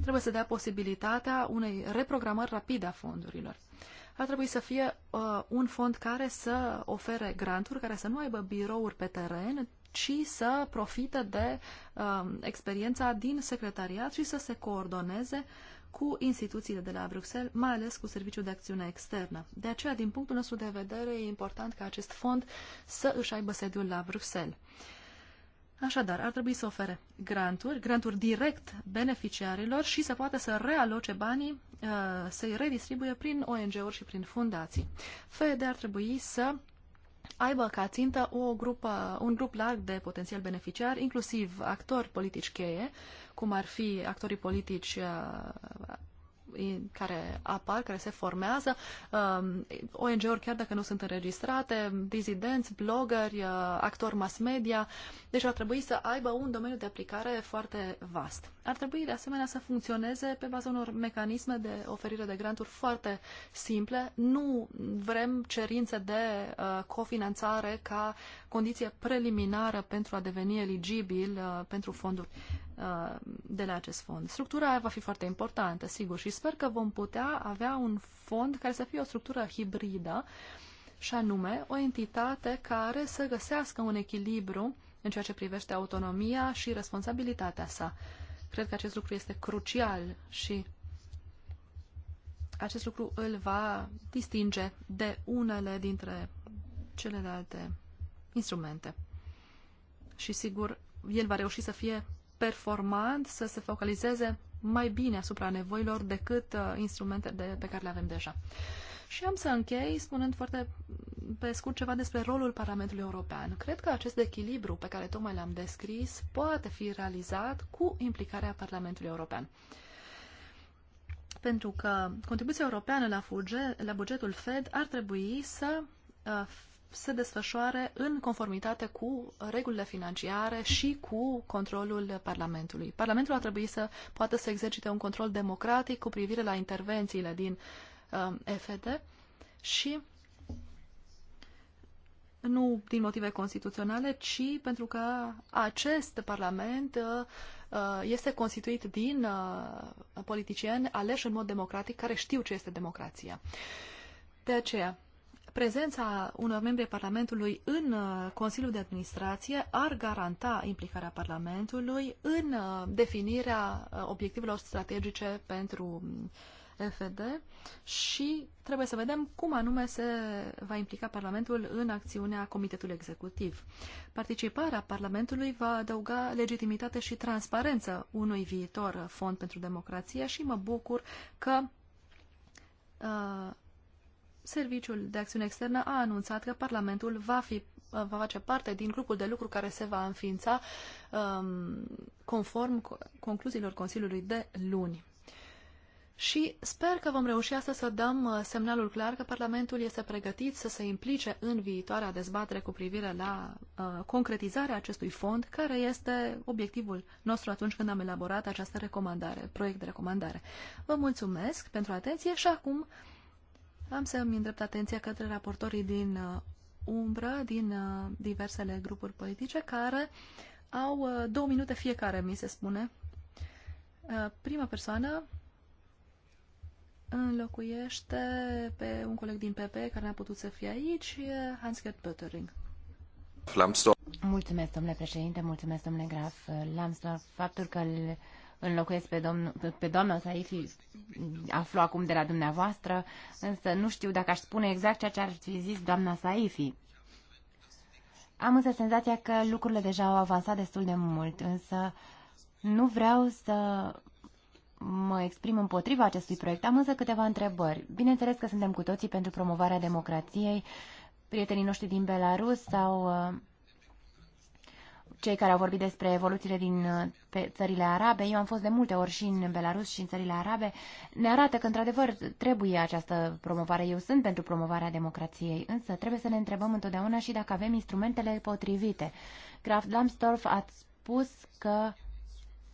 Trebuie să dea posibilitatea unei reprogramări rapide a fondurilor. Ar trebui să fie uh, un fond care să ofere granturi, care să nu aibă birouri pe teren, ci să profite de uh, experiența din secretariat și să se coordoneze cu instituțiile de la Bruxelles, mai ales cu Serviciul de Acțiune Externă. De aceea, din punctul nostru de vedere, e important ca acest fond să își aibă sediul la Bruxelles. Așadar, ar trebui să ofere granturi, granturi direct beneficiarilor și să poată să realoce banii, uh, să-i redistribuie prin ONG-uri și prin fundații. FED ar trebui să aibă ca țintă o grupă, un grup larg de potențial beneficiari, inclusiv actori politici cheie, cum ar fi actorii politici uh, care apar, care se formează, um, ONG-uri chiar dacă nu sunt înregistrate, dizidenți, blogări, uh, actori mass media, deci ar trebui să aibă un domeniu de aplicare foarte vast. Ar trebui de asemenea să funcționeze pe baza unor mecanisme de oferire de granturi foarte simple. Nu vrem cerințe de uh, cofinanțare ca condiție preliminară pentru a deveni eligibil uh, pentru fonduri Uh, de la acest fond. Structura va fi foarte importantă, sigur, și sper că vom putea avea un fond care să fie o structură hibridă, și anume o entitate care să găsească un echilibru în ceea ce privește autonomia și responsabilitatea sa. Cred că acest lucru este crucial și acest lucru îl va distinge de unele dintre celelalte instrumente. Și sigur, el va reuși să fie performant să se focalizeze mai bine asupra nevoilor decât uh, instrumente de, pe care le avem deja. Și am să închei spunând foarte pe scurt ceva despre rolul Parlamentului European. Cred că acest echilibru pe care tocmai l-am descris poate fi realizat cu implicarea Parlamentului European. Pentru că contribuția europeană la, fuge, la bugetul Fed ar trebui să uh, se desfășoare în conformitate cu regulile financiare și cu controlul Parlamentului. Parlamentul a trebuit să poată să exercite un control democratic cu privire la intervențiile din um, FD și nu din motive constituționale, ci pentru că acest Parlament uh, uh, este constituit din uh, politicieni aleși în mod democratic care știu ce este democrația. De aceea, prezența unor membri Parlamentului în uh, Consiliul de Administrație ar garanta implicarea Parlamentului în uh, definirea uh, obiectivelor strategice pentru mm, FD și trebuie să vedem cum anume se va implica Parlamentul în acțiunea Comitetului Executiv. Participarea Parlamentului va adăuga legitimitate și transparență unui viitor fond pentru democrație și mă bucur că uh, Serviciul de Acțiune Externă a anunțat că Parlamentul va, fi, va face parte din grupul de lucru care se va înființa um, conform concluziilor Consiliului de luni. Și sper că vom reuși astăzi să dăm uh, semnalul clar că Parlamentul este pregătit să se implice în viitoarea dezbatere cu privire la uh, concretizarea acestui fond, care este obiectivul nostru atunci când am elaborat această recomandare, proiect de recomandare. Vă mulțumesc pentru atenție și acum am să-mi îndrept atenția către raportorii din uh, umbră, din uh, diversele grupuri politice, care au uh, două minute fiecare, mi se spune. prima persoană înlocuiește pe un coleg din PP care n-a putut să fie aici, Hans-Gerd Pöttering. Mulțumesc, domnule președinte, mulțumesc, domnule Graf Lambsdorff. Faptul că înlocuiesc pe, domn, pe doamna Saifi, aflu acum de la dumneavoastră, însă nu știu dacă aș spune exact ceea ce ar fi zis doamna Saifi. Am însă senzația că lucrurile deja au avansat destul de mult, însă nu vreau să mă exprim împotriva acestui proiect. Am însă câteva întrebări. Bineînțeles că suntem cu toții pentru promovarea democrației. Prietenii noștri din Belarus sau uh, cei care au vorbit despre evoluțiile din uh, pe țările arabe, eu am fost de multe ori și în Belarus și în țările arabe, ne arată că, într-adevăr, trebuie această promovare. Eu sunt pentru promovarea democrației, însă trebuie să ne întrebăm întotdeauna și dacă avem instrumentele potrivite. Graf Lambsdorff a spus că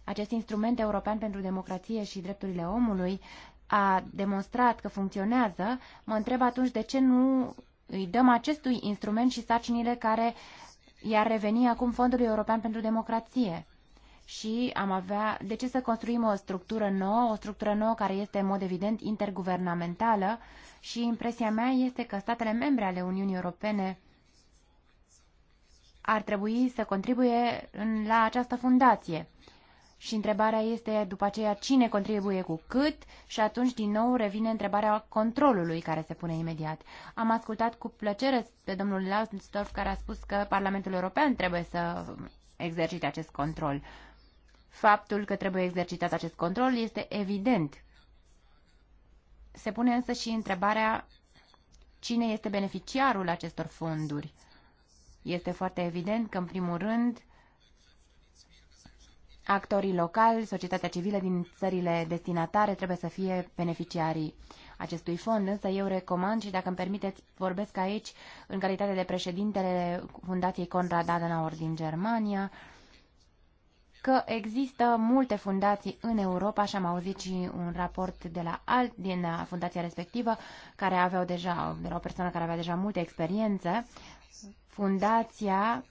acest instrument european pentru democrație și drepturile omului a demonstrat că funcționează, mă întreb atunci de ce nu îi dăm acestui instrument și sarcinile care uh, iar reveni acum Fondului European pentru Democrație. Și am avea, de ce să construim o structură nouă, o structură nouă care este în mod evident interguvernamentală și impresia mea este că statele membre ale Uniunii Europene ar trebui să contribuie în, la această fundație și întrebarea este după aceea cine contribuie cu cât și atunci din nou revine întrebarea controlului care se pune imediat. Am ascultat cu plăcere pe domnul Lausdorff care a spus că Parlamentul European trebuie să exercite acest control. Faptul că trebuie exercitat acest control este evident. Se pune însă și întrebarea cine este beneficiarul acestor fonduri. Este foarte evident că, în primul rând, actorii locali, societatea civilă din țările destinatare trebuie să fie beneficiarii acestui fond, însă eu recomand și dacă îmi permiteți vorbesc aici în calitate de președintele Fundației Conrad Adenauer din Germania, că există multe fundații în Europa Așa am auzit și un raport de la alt, din fundația respectivă, care aveau deja, de la o persoană care avea deja multe experiențe. Fundația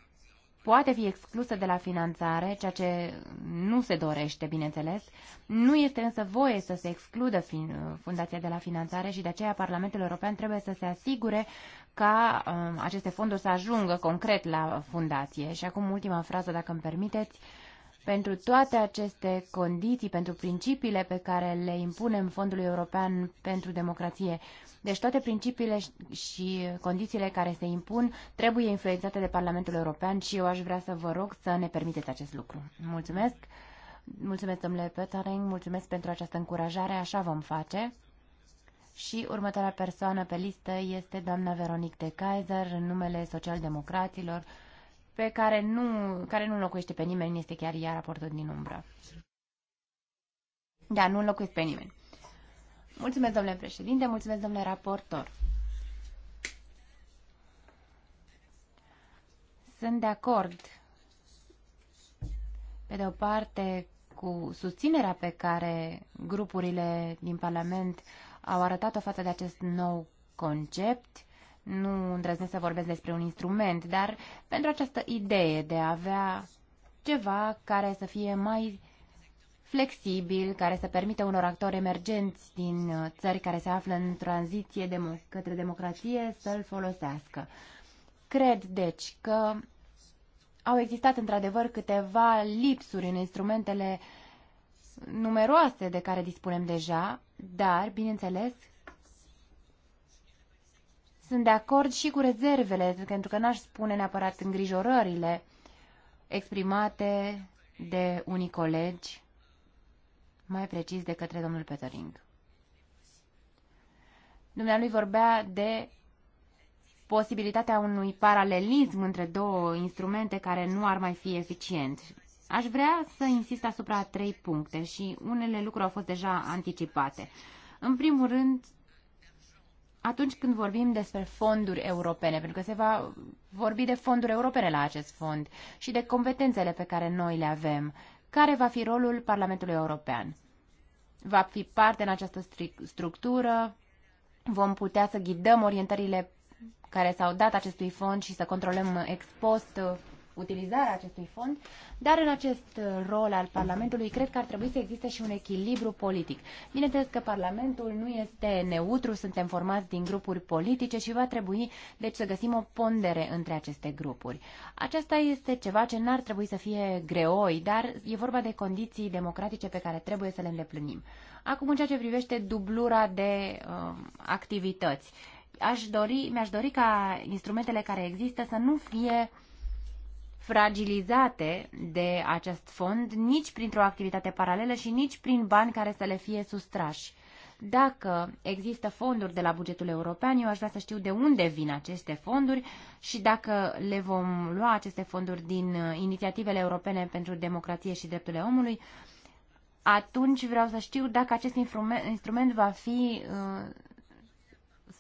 poate fi exclusă de la finanțare, ceea ce nu se dorește, bineînțeles. Nu este însă voie să se excludă fundația de la finanțare și de aceea Parlamentul European trebuie să se asigure ca um, aceste fonduri să ajungă concret la fundație. Și acum ultima frază, dacă îmi permiteți. Pentru toate aceste condiții, pentru principiile pe care le impunem Fondului European pentru Democrație, deci toate principiile și condițiile care se impun trebuie influențate de Parlamentul European și eu aș vrea să vă rog să ne permiteți acest lucru. Mulțumesc! Mulțumesc, domnule Petering, mulțumesc pentru această încurajare, așa vom face. Și următoarea persoană pe listă este doamna Veronique de Kaiser, în numele socialdemocraților, democraților pe care nu, care nu locuiește pe nimeni, este chiar ea raportul din umbră. Da, nu locuiesc pe nimeni. Mulțumesc, domnule președinte, mulțumesc, domnule raportor. Sunt de acord, pe de o parte, cu susținerea pe care grupurile din Parlament au arătat-o față de acest nou concept nu îndrăznesc să vorbesc despre un instrument, dar pentru această idee de a avea ceva care să fie mai flexibil, care să permită unor actori emergenți din uh, țări care se află în tranziție demo- către democrație să-l folosească. Cred, deci, că au existat într-adevăr câteva lipsuri în instrumentele numeroase de care dispunem deja, dar, bineînțeles, sunt de acord și cu rezervele, pentru că n-aș spune neapărat îngrijorările exprimate de unii colegi, mai precis de către domnul Petering. Dumnealui vorbea de posibilitatea unui paralelism între două instrumente care nu ar mai fi eficient. Aș vrea să insist asupra trei puncte și unele lucruri au fost deja anticipate. În primul rând, atunci când vorbim despre fonduri europene, pentru că se va vorbi de fonduri europene la acest fond și de competențele pe care noi le avem, care va fi rolul Parlamentului European? Va fi parte în această structură? Vom putea să ghidăm orientările care s-au dat acestui fond și să controlăm ex post utilizarea acestui fond, dar în acest uh, rol al Parlamentului cred că ar trebui să existe și un echilibru politic. Bineînțeles că Parlamentul nu este neutru, suntem formați din grupuri politice și va trebui deci să găsim o pondere între aceste grupuri. Aceasta este ceva ce n-ar trebui să fie greoi, dar e vorba de condiții democratice pe care trebuie să le îndeplinim. Acum, în ceea ce privește dublura de uh, activități, aș dori, mi-aș dori ca instrumentele care există să nu fie fragilizate de acest fond nici printr-o activitate paralelă și nici prin bani care să le fie sustrași. Dacă există fonduri de la bugetul european, eu aș vrea să știu de unde vin aceste fonduri și dacă le vom lua aceste fonduri din uh, inițiativele europene pentru democrație și drepturile omului, atunci vreau să știu dacă acest instrument va fi uh,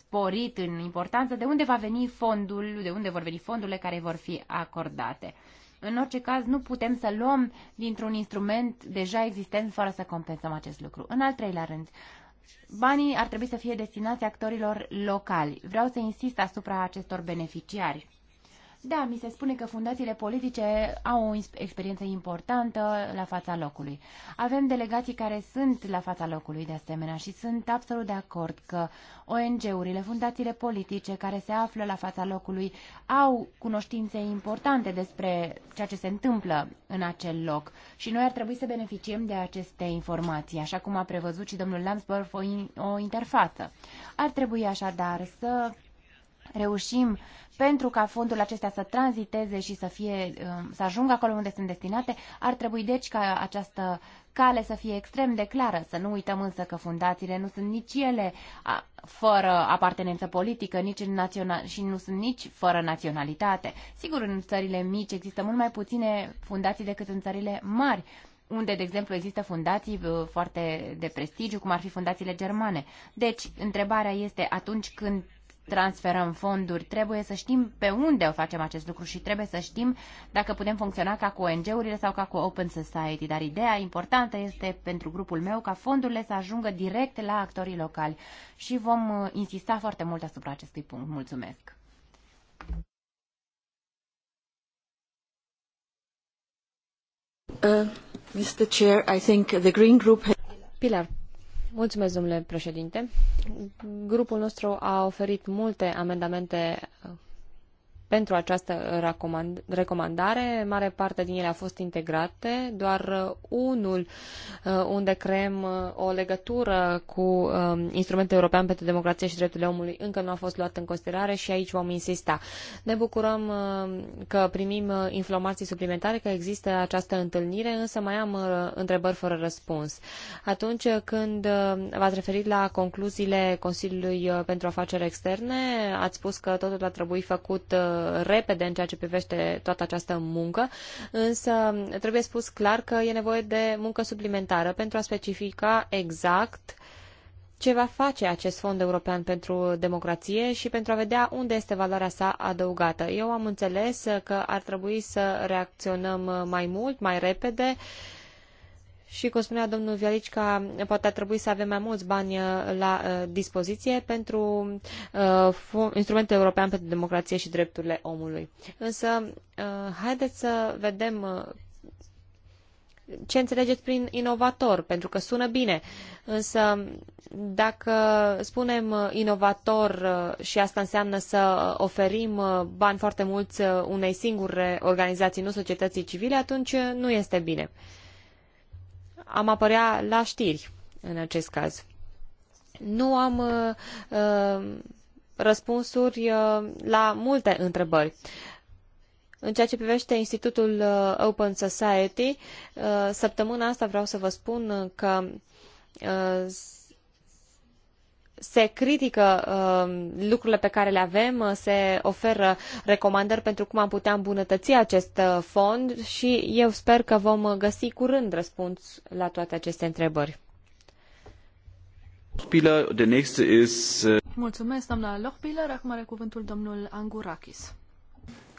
sporit în importanță, de unde va veni fondul, de unde vor veni fondurile care vor fi acordate. În orice caz, nu putem să luăm dintr-un instrument deja existent fără să compensăm acest lucru. În al treilea rând, banii ar trebui să fie destinați actorilor locali. Vreau să insist asupra acestor beneficiari. Da, mi se spune că fundațiile politice au o experiență importantă la fața locului. Avem delegații care sunt la fața locului de asemenea și sunt absolut de acord că ONG-urile, fundațiile politice care se află la fața locului au cunoștințe importante despre ceea ce se întâmplă în acel loc și noi ar trebui să beneficiem de aceste informații, așa cum a prevăzut și domnul Lambsdorff o interfață. Ar trebui așadar să reușim pentru ca fondurile acestea să tranziteze și să, fie, um, să ajungă acolo unde sunt destinate, ar trebui deci ca această cale să fie extrem de clară. Să nu uităm însă că fundațiile nu sunt nici ele fără apartenență politică nici în național, și nu sunt nici fără naționalitate. Sigur, în țările mici există mult mai puține fundații decât în țările mari, unde, de exemplu, există fundații uh, foarte de prestigiu, cum ar fi fundațiile germane. Deci, întrebarea este atunci când transferăm fonduri, trebuie să știm pe unde o facem acest lucru și trebuie să știm dacă putem funcționa ca cu ONG-urile sau ca cu Open Society. Dar ideea importantă este pentru grupul meu ca fondurile să ajungă direct la actorii locali și vom uh, insista foarte mult asupra acestui punct. Mulțumesc! Uh, Mr. Chair, I think the Green Group... Pilar Mulțumesc, domnule președinte. Grupul nostru a oferit multe amendamente pentru această recomandare. Mare parte din ele a fost integrate, doar uh, unul uh, unde creăm uh, o legătură cu um, Instrumentul European pentru Democrație și Drepturile Omului încă nu a fost luat în considerare și aici vom insista. Ne bucurăm că primim informații suplimentare, că există această întâlnire, însă mai am întrebări fără răspuns. Atunci când v-ați referit la concluziile Consiliului pentru Afaceri Externe, ați spus că totul a trebuit făcut repede în ceea ce privește toată această muncă, însă trebuie spus clar că e nevoie de muncă suplimentară pentru a specifica exact ce va face acest fond european pentru democrație și pentru a vedea unde este valoarea sa adăugată. Eu am înțeles că ar trebui să reacționăm mai mult, mai repede, uh, și, cum spunea domnul Vialicica, poate ar trebui să avem mai mulți bani uh, la uh, dispoziție pentru uh, instrumentul european pentru democrație și drepturile omului. Însă, uh, haideți să vedem ce înțelegeți prin inovator, pentru că sună bine. Însă, dacă spunem inovator și asta înseamnă să oferim bani foarte mulți unei singure organizații, nu societății civile, atunci nu este bine. Uh, am apărea la știri în acest caz. Nu am uh, uh, răspunsuri uh, la multe întrebări. În ceea ce privește Institutul uh, Open Society, uh, săptămâna asta vreau să vă spun că uh, se critică uh, lucrurile pe care le avem, uh, se oferă recomandări pentru cum am putea îmbunătăți acest uh, fond și eu sper că vom uh, găsi curând răspuns la toate aceste întrebări. Mulțumesc, doamna Lochbiller. Acum are cuvântul domnul Angurakis.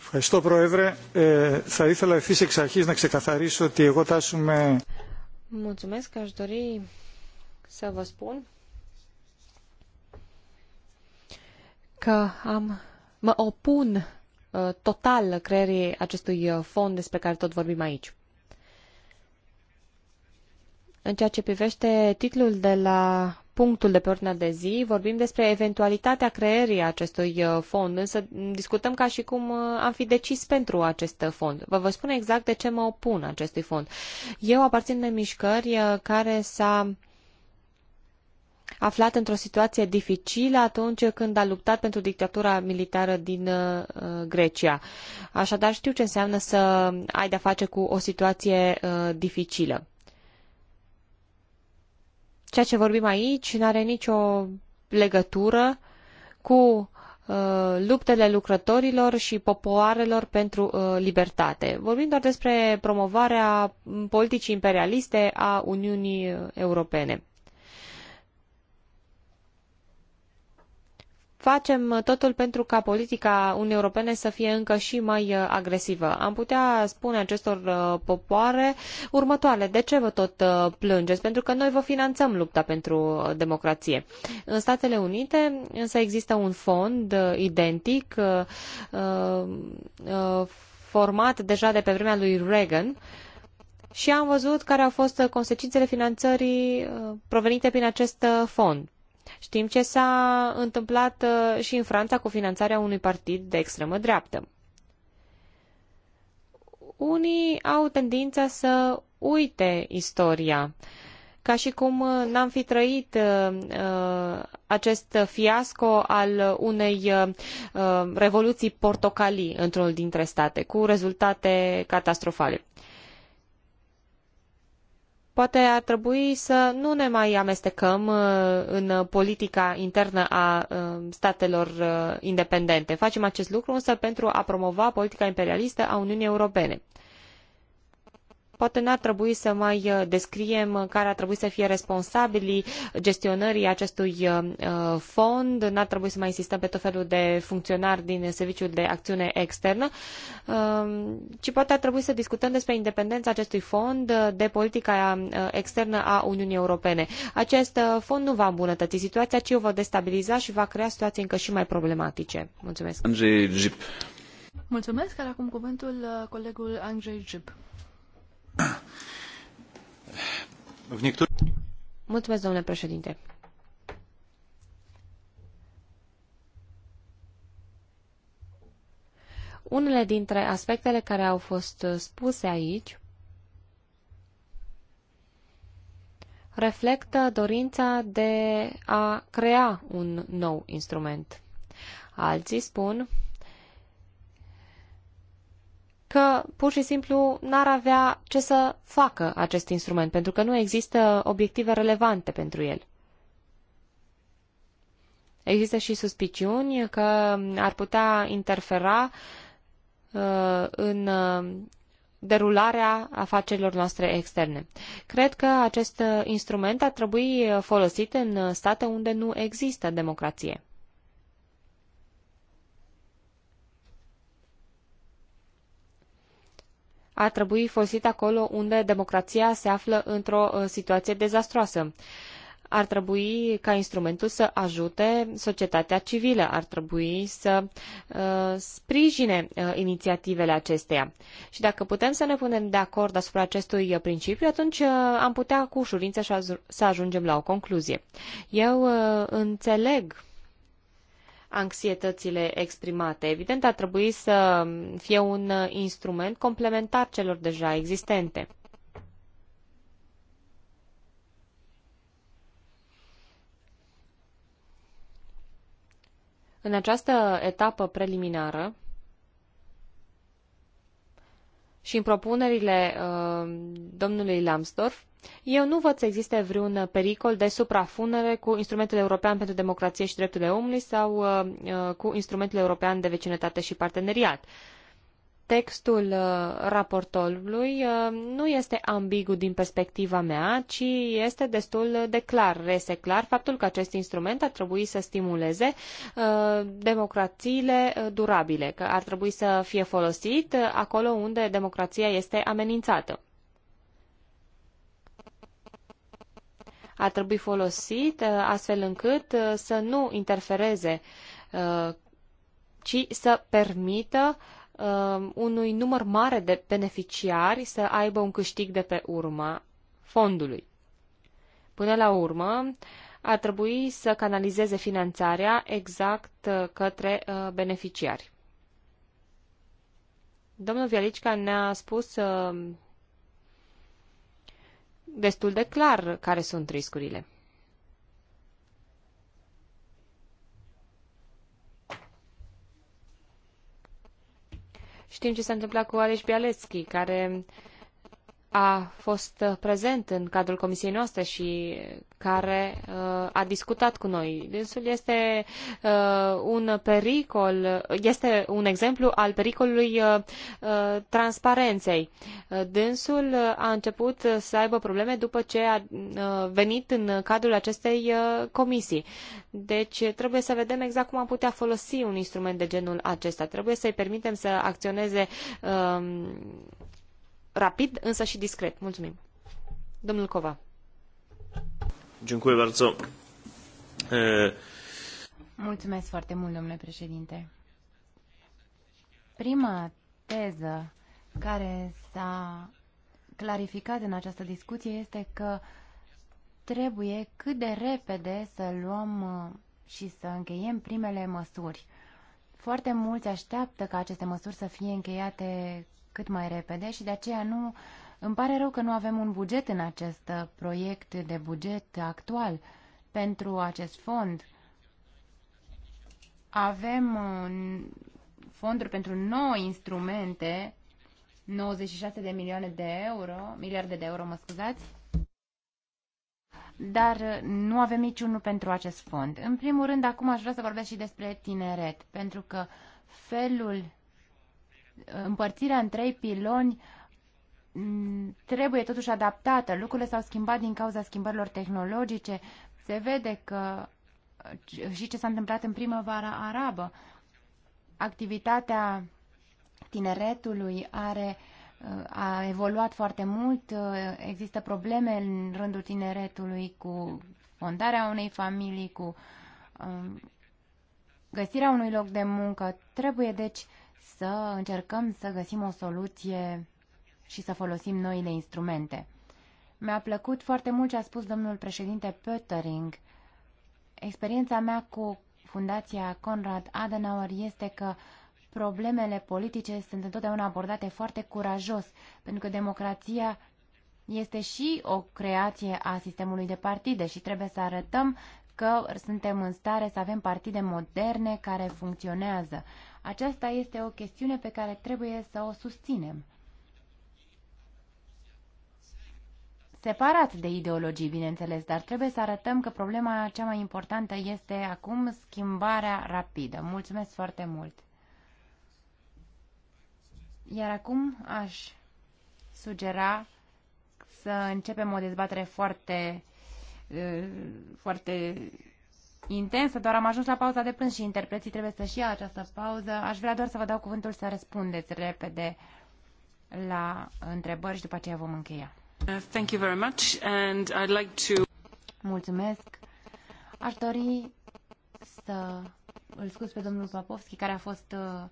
Ευχαριστώ, Πρόεδρε. Ε, θα ήθελα ευθύ εξ αρχή να ξεκαθαρίσω ότι εγώ τάσουμε. Mulțumesc, aș dori să vă spun că am, mă opun uh, total creierii acestui uh, fond despre care tot vorbim aici. În ceea ce privește titlul de la punctul de pe ordinea de zi, vorbim despre eventualitatea creierii acestui uh, fond, însă discutăm ca și cum am fi decis pentru acest fond. Vă vă spun exact de ce mă opun acestui fond. Eu aparțin de mișcări care s-a aflat într-o situație dificilă atunci când a luptat pentru dictatura militară din uh, Grecia. Așadar știu ce înseamnă să ai de-a face cu o situație uh, dificilă. Ceea ce vorbim aici nu are nicio legătură cu uh, luptele lucrătorilor și popoarelor pentru uh, libertate. Vorbim doar despre promovarea politicii imperialiste a Uniunii Europene. facem totul pentru ca politica Uniunii Europene să fie încă și mai uh, agresivă. Am putea spune acestor uh, popoare următoarele. De ce vă tot uh, plângeți? Pentru că noi vă finanțăm lupta pentru democrație. În Statele Unite însă există un fond identic format deja de pe vremea lui Reagan și am văzut care au fost consecințele finanțării provenite prin acest fond Știm ce s-a întâmplat uh, și în Franța cu finanțarea unui partid de extremă dreaptă. Unii au tendința să uite istoria, ca și cum uh, n-am fi trăit uh, uh, acest fiasco al unei uh, revoluții portocalii într-unul dintre state, cu rezultate catastrofale. Poate ar trebui să nu ne mai amestecăm uh, în politica internă a uh, statelor uh, independente. Facem acest lucru însă pentru a promova politica imperialistă a Uniunii Europene. Poate n-ar trebui să mai uh, descriem care ar trebui să fie responsabilii gestionării acestui uh, uh, fond, n-ar trebui să mai insistăm pe tot felul de funcționari din Serviciul de Acțiune Externă, um, ci poate ar trebui să discutăm despre independența acestui fond de politica externă a Uniunii Europene. Acest fond nu va îmbunătăți situația, ci o va destabiliza și va crea situații încă și mai problematice. Mulțumesc. Andrei Mulțumesc, are acum cuvântul colegul Andrei Gip. Unele dintre aspectele care au fost spuse aici reflectă dorința de a crea un nou instrument. Alții spun că pur și simplu n-ar avea ce să facă acest instrument, pentru că nu există obiective relevante pentru el. Există și suspiciuni că ar putea interfera uh, în uh, derularea afacerilor noastre externe. Cred că acest uh, instrument ar trebui folosit în state unde nu există democrație. ar trebui folosit acolo unde democrația se află într-o uh, situație dezastroasă. Ar trebui ca instrumentul să ajute societatea civilă, ar trebui să uh, sprijine uh, inițiativele acesteia. Și dacă putem să ne punem de acord asupra acestui uh, principiu, atunci uh, am putea cu ușurință să ajungem la o concluzie. Eu uh, înțeleg anxietățile exprimate. Evident, ar trebui să fie un uh, instrument complementar celor deja existente. În această etapă preliminară și în propunerile uh, domnului Lambsdorff, eu nu văd să existe vreun uh, pericol de suprafunere cu instrumentul european pentru democrație și drepturile omului sau uh, uh, cu instrumentul european de vecinătate și parteneriat textul raportorului nu este ambigu din perspectiva mea, ci este destul de clar. Rese clar faptul că acest instrument ar trebui să stimuleze democrațiile durabile, că ar trebui să fie folosit acolo unde democrația este amenințată. ar trebui folosit uh, astfel încât uh, să nu interfereze, uh, ci să permită unui număr mare de beneficiari să aibă un câștig de pe urma fondului. Până la urmă, ar trebui să canalizeze finanțarea exact către beneficiari. Domnul Vialicica ne-a spus destul de clar care sunt riscurile. Știm ce s-a întâmplat cu Aleș Bialetski, care uh, a fost prezent în cadrul comisiei noastre și care uh, a discutat cu noi. Dânsul este uh, un pericol, este un exemplu al pericolului uh, transparenței. Dânsul a început să aibă probleme după ce a venit în cadrul acestei comisii. Deci trebuie să vedem exact cum am putea folosi un instrument de genul acesta. Trebuie să-i permitem să acționeze um, rapid, însă și discret. Mulțumim. Domnul Cova. Dziękuję bardzo. Mulțumesc foarte mult, domnule președinte. Prima teză care s-a clarificat în această discuție este că trebuie cât de repede să luăm uh, și să încheiem primele măsuri. Foarte mulți așteaptă ca aceste măsuri să fie încheiate cât mai repede și de aceea nu îmi pare rău că nu avem un buget în acest uh, proiect de buget actual pentru acest fond. Avem uh, fonduri pentru noi instrumente, 96 de milioane de euro, miliarde de euro, mă scuzați, dar uh, nu avem niciunul pentru acest fond. În primul rând, acum aș vrea să vorbesc și despre tineret, pentru că felul împărțirea în trei piloni mm, trebuie totuși adaptată. Lucrurile s-au schimbat din cauza schimbărilor tehnologice. Se vede că uh, și ce s-a întâmplat în primăvara arabă. Activitatea tineretului are, uh, a evoluat foarte mult. Uh, există probleme în rândul tineretului cu fondarea unei familii, cu um, găsirea unui loc de muncă. Trebuie, deci, să încercăm să găsim o soluție și să folosim noile instrumente. Mi-a plăcut foarte mult ce a spus domnul președinte Pöttering. Experiența mea cu Fundația Conrad Adenauer este că problemele politice sunt întotdeauna abordate foarte curajos, pentru că democrația este și o creație a sistemului de partide și trebuie să arătăm că suntem în stare să avem partide moderne care funcționează. Aceasta este o chestiune pe care trebuie să o susținem. Separat de ideologii, bineînțeles, dar trebuie să arătăm că problema cea mai importantă este acum schimbarea rapidă. Mulțumesc foarte mult! Iar acum aș sugera să începem o dezbatere foarte, eh, foarte intensă, doar am ajuns la pauza de prânz și interpreții trebuie să-și ia această pauză. Aș vrea doar să vă dau cuvântul să răspundeți repede la întrebări și după aceea vom încheia. Uh, thank you very much and I'd like to... Mulțumesc. Aș dori să îl scuz pe domnul Papovski, care a fost uh,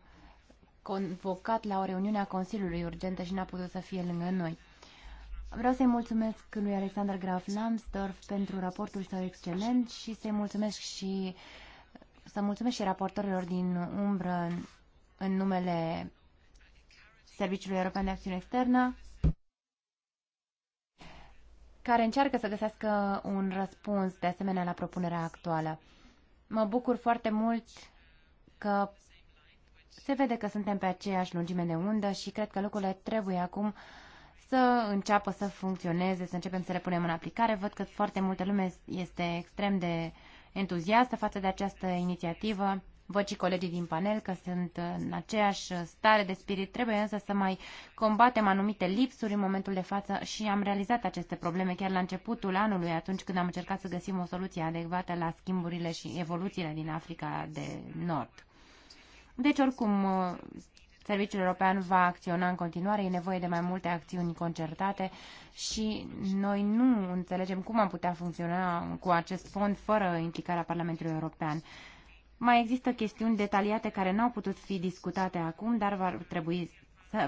convocat la o reuniune a Consiliului urgentă și n-a putut să fie lângă noi. Vreau să-i mulțumesc lui Alexander Graf Lambsdorff pentru raportul său excelent și să-i mulțumesc și să mulțumesc și raportorilor din umbră în numele Serviciului European de Acțiune Externă, care încearcă să găsească un răspuns de asemenea la propunerea actuală. Mă bucur foarte mult că se vede că suntem pe aceeași lungime de undă și cred că lucrurile trebuie acum uh, să înceapă să funcționeze, să începem să le punem în aplicare. Văd că foarte multă lume este extrem de entuziastă față de această inițiativă. Văd și colegii din panel că sunt în aceeași stare de spirit. Trebuie însă să mai combatem anumite lipsuri în momentul de față și am realizat aceste probleme chiar la începutul anului, atunci când am încercat să găsim o soluție adecvată la schimburile și evoluțiile din Africa de Nord. Deci, oricum, Serviciul European va acționa în continuare, e nevoie de mai multe acțiuni concertate și noi nu înțelegem cum am putea funcționa cu acest fond fără implicarea Parlamentului European. Mai există chestiuni detaliate care n-au putut fi discutate acum, dar va trebui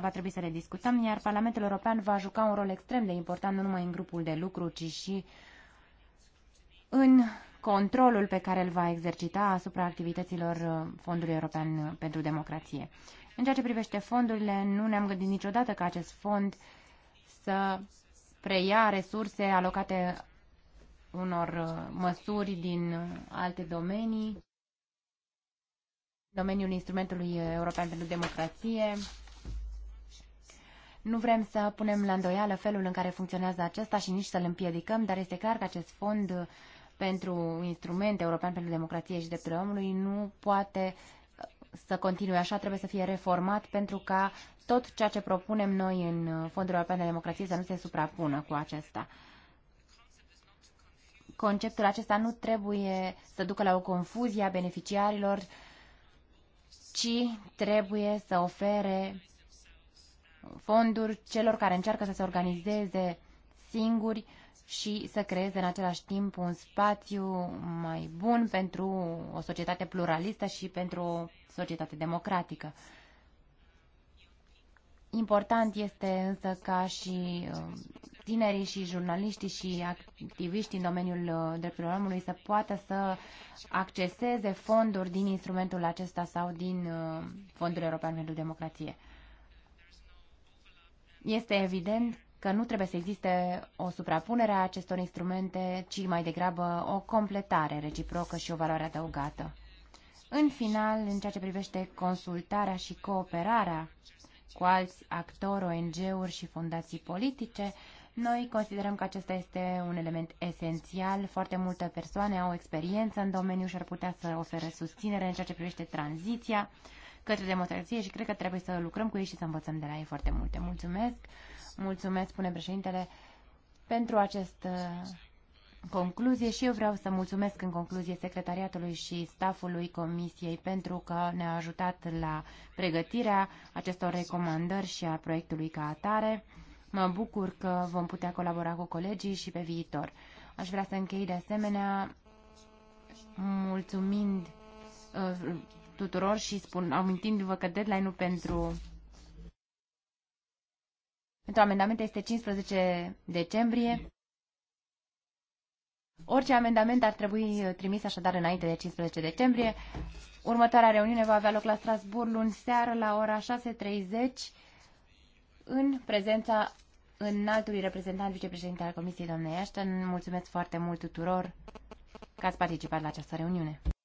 va trebui să le discutăm, iar Parlamentul European va juca un rol extrem de important nu numai în grupul de lucru, ci și în controlul pe care îl va exercita asupra activităților uh, Fondului European uh, pentru Democrație. În ceea ce privește fondurile, nu ne-am gândit niciodată că acest fond să preia resurse alocate unor uh, măsuri din uh, alte domenii, domeniul instrumentului european pentru democrație. Nu vrem să punem la îndoială felul în care funcționează acesta și nici să-l împiedicăm, dar este clar că acest fond uh, pentru instrument european pentru democrație și drepturile omului nu poate să continue așa, trebuie să fie reformat pentru ca tot ceea ce propunem noi în Fondul European de Democrație să nu se suprapună cu acesta. Conceptul acesta nu trebuie să ducă la o confuzie a beneficiarilor, ci trebuie să ofere fonduri celor care încearcă să se organizeze singuri și să creeze în același timp un spațiu mai bun pentru o societate pluralistă și pentru o societate democratică. Important este însă ca și um, tinerii și jurnaliștii și activiștii în domeniul uh, drepturilor omului să poată să acceseze fonduri din instrumentul acesta sau din uh, Fondul European pentru Democrație. Este evident că nu trebuie să existe o suprapunere a acestor instrumente, ci mai degrabă o completare reciprocă și o valoare adăugată. În final, în ceea ce privește consultarea și cooperarea cu alți actori, ONG-uri și fundații politice, noi considerăm că acesta este un element esențial. Foarte multe persoane au experiență în domeniu și ar putea să ofere susținere în ceea ce privește tranziția către democrație și cred că trebuie să lucrăm cu ei și să învățăm de la ei foarte multe. Mulțumesc! Mulțumesc, spune președintele, pentru această concluzie și eu vreau să mulțumesc în concluzie secretariatului și stafului Comisiei pentru că ne-a ajutat la pregătirea acestor recomandări și a proiectului ca atare. Mă bucur că vom putea colabora cu colegii și pe viitor. Aș vrea să închei de asemenea mulțumind uh, tuturor și spun, amintindu-vă că deadline-ul pentru pentru amendamente este 15 decembrie. Orice amendament ar trebui trimis așadar înainte de 15 decembrie. Următoarea reuniune va avea loc la Strasburg luni seară la ora 6.30 în prezența înaltului reprezentant vicepreședinte al Comisiei, doamnei Ashton. Mulțumesc foarte mult tuturor că ați participat la această reuniune.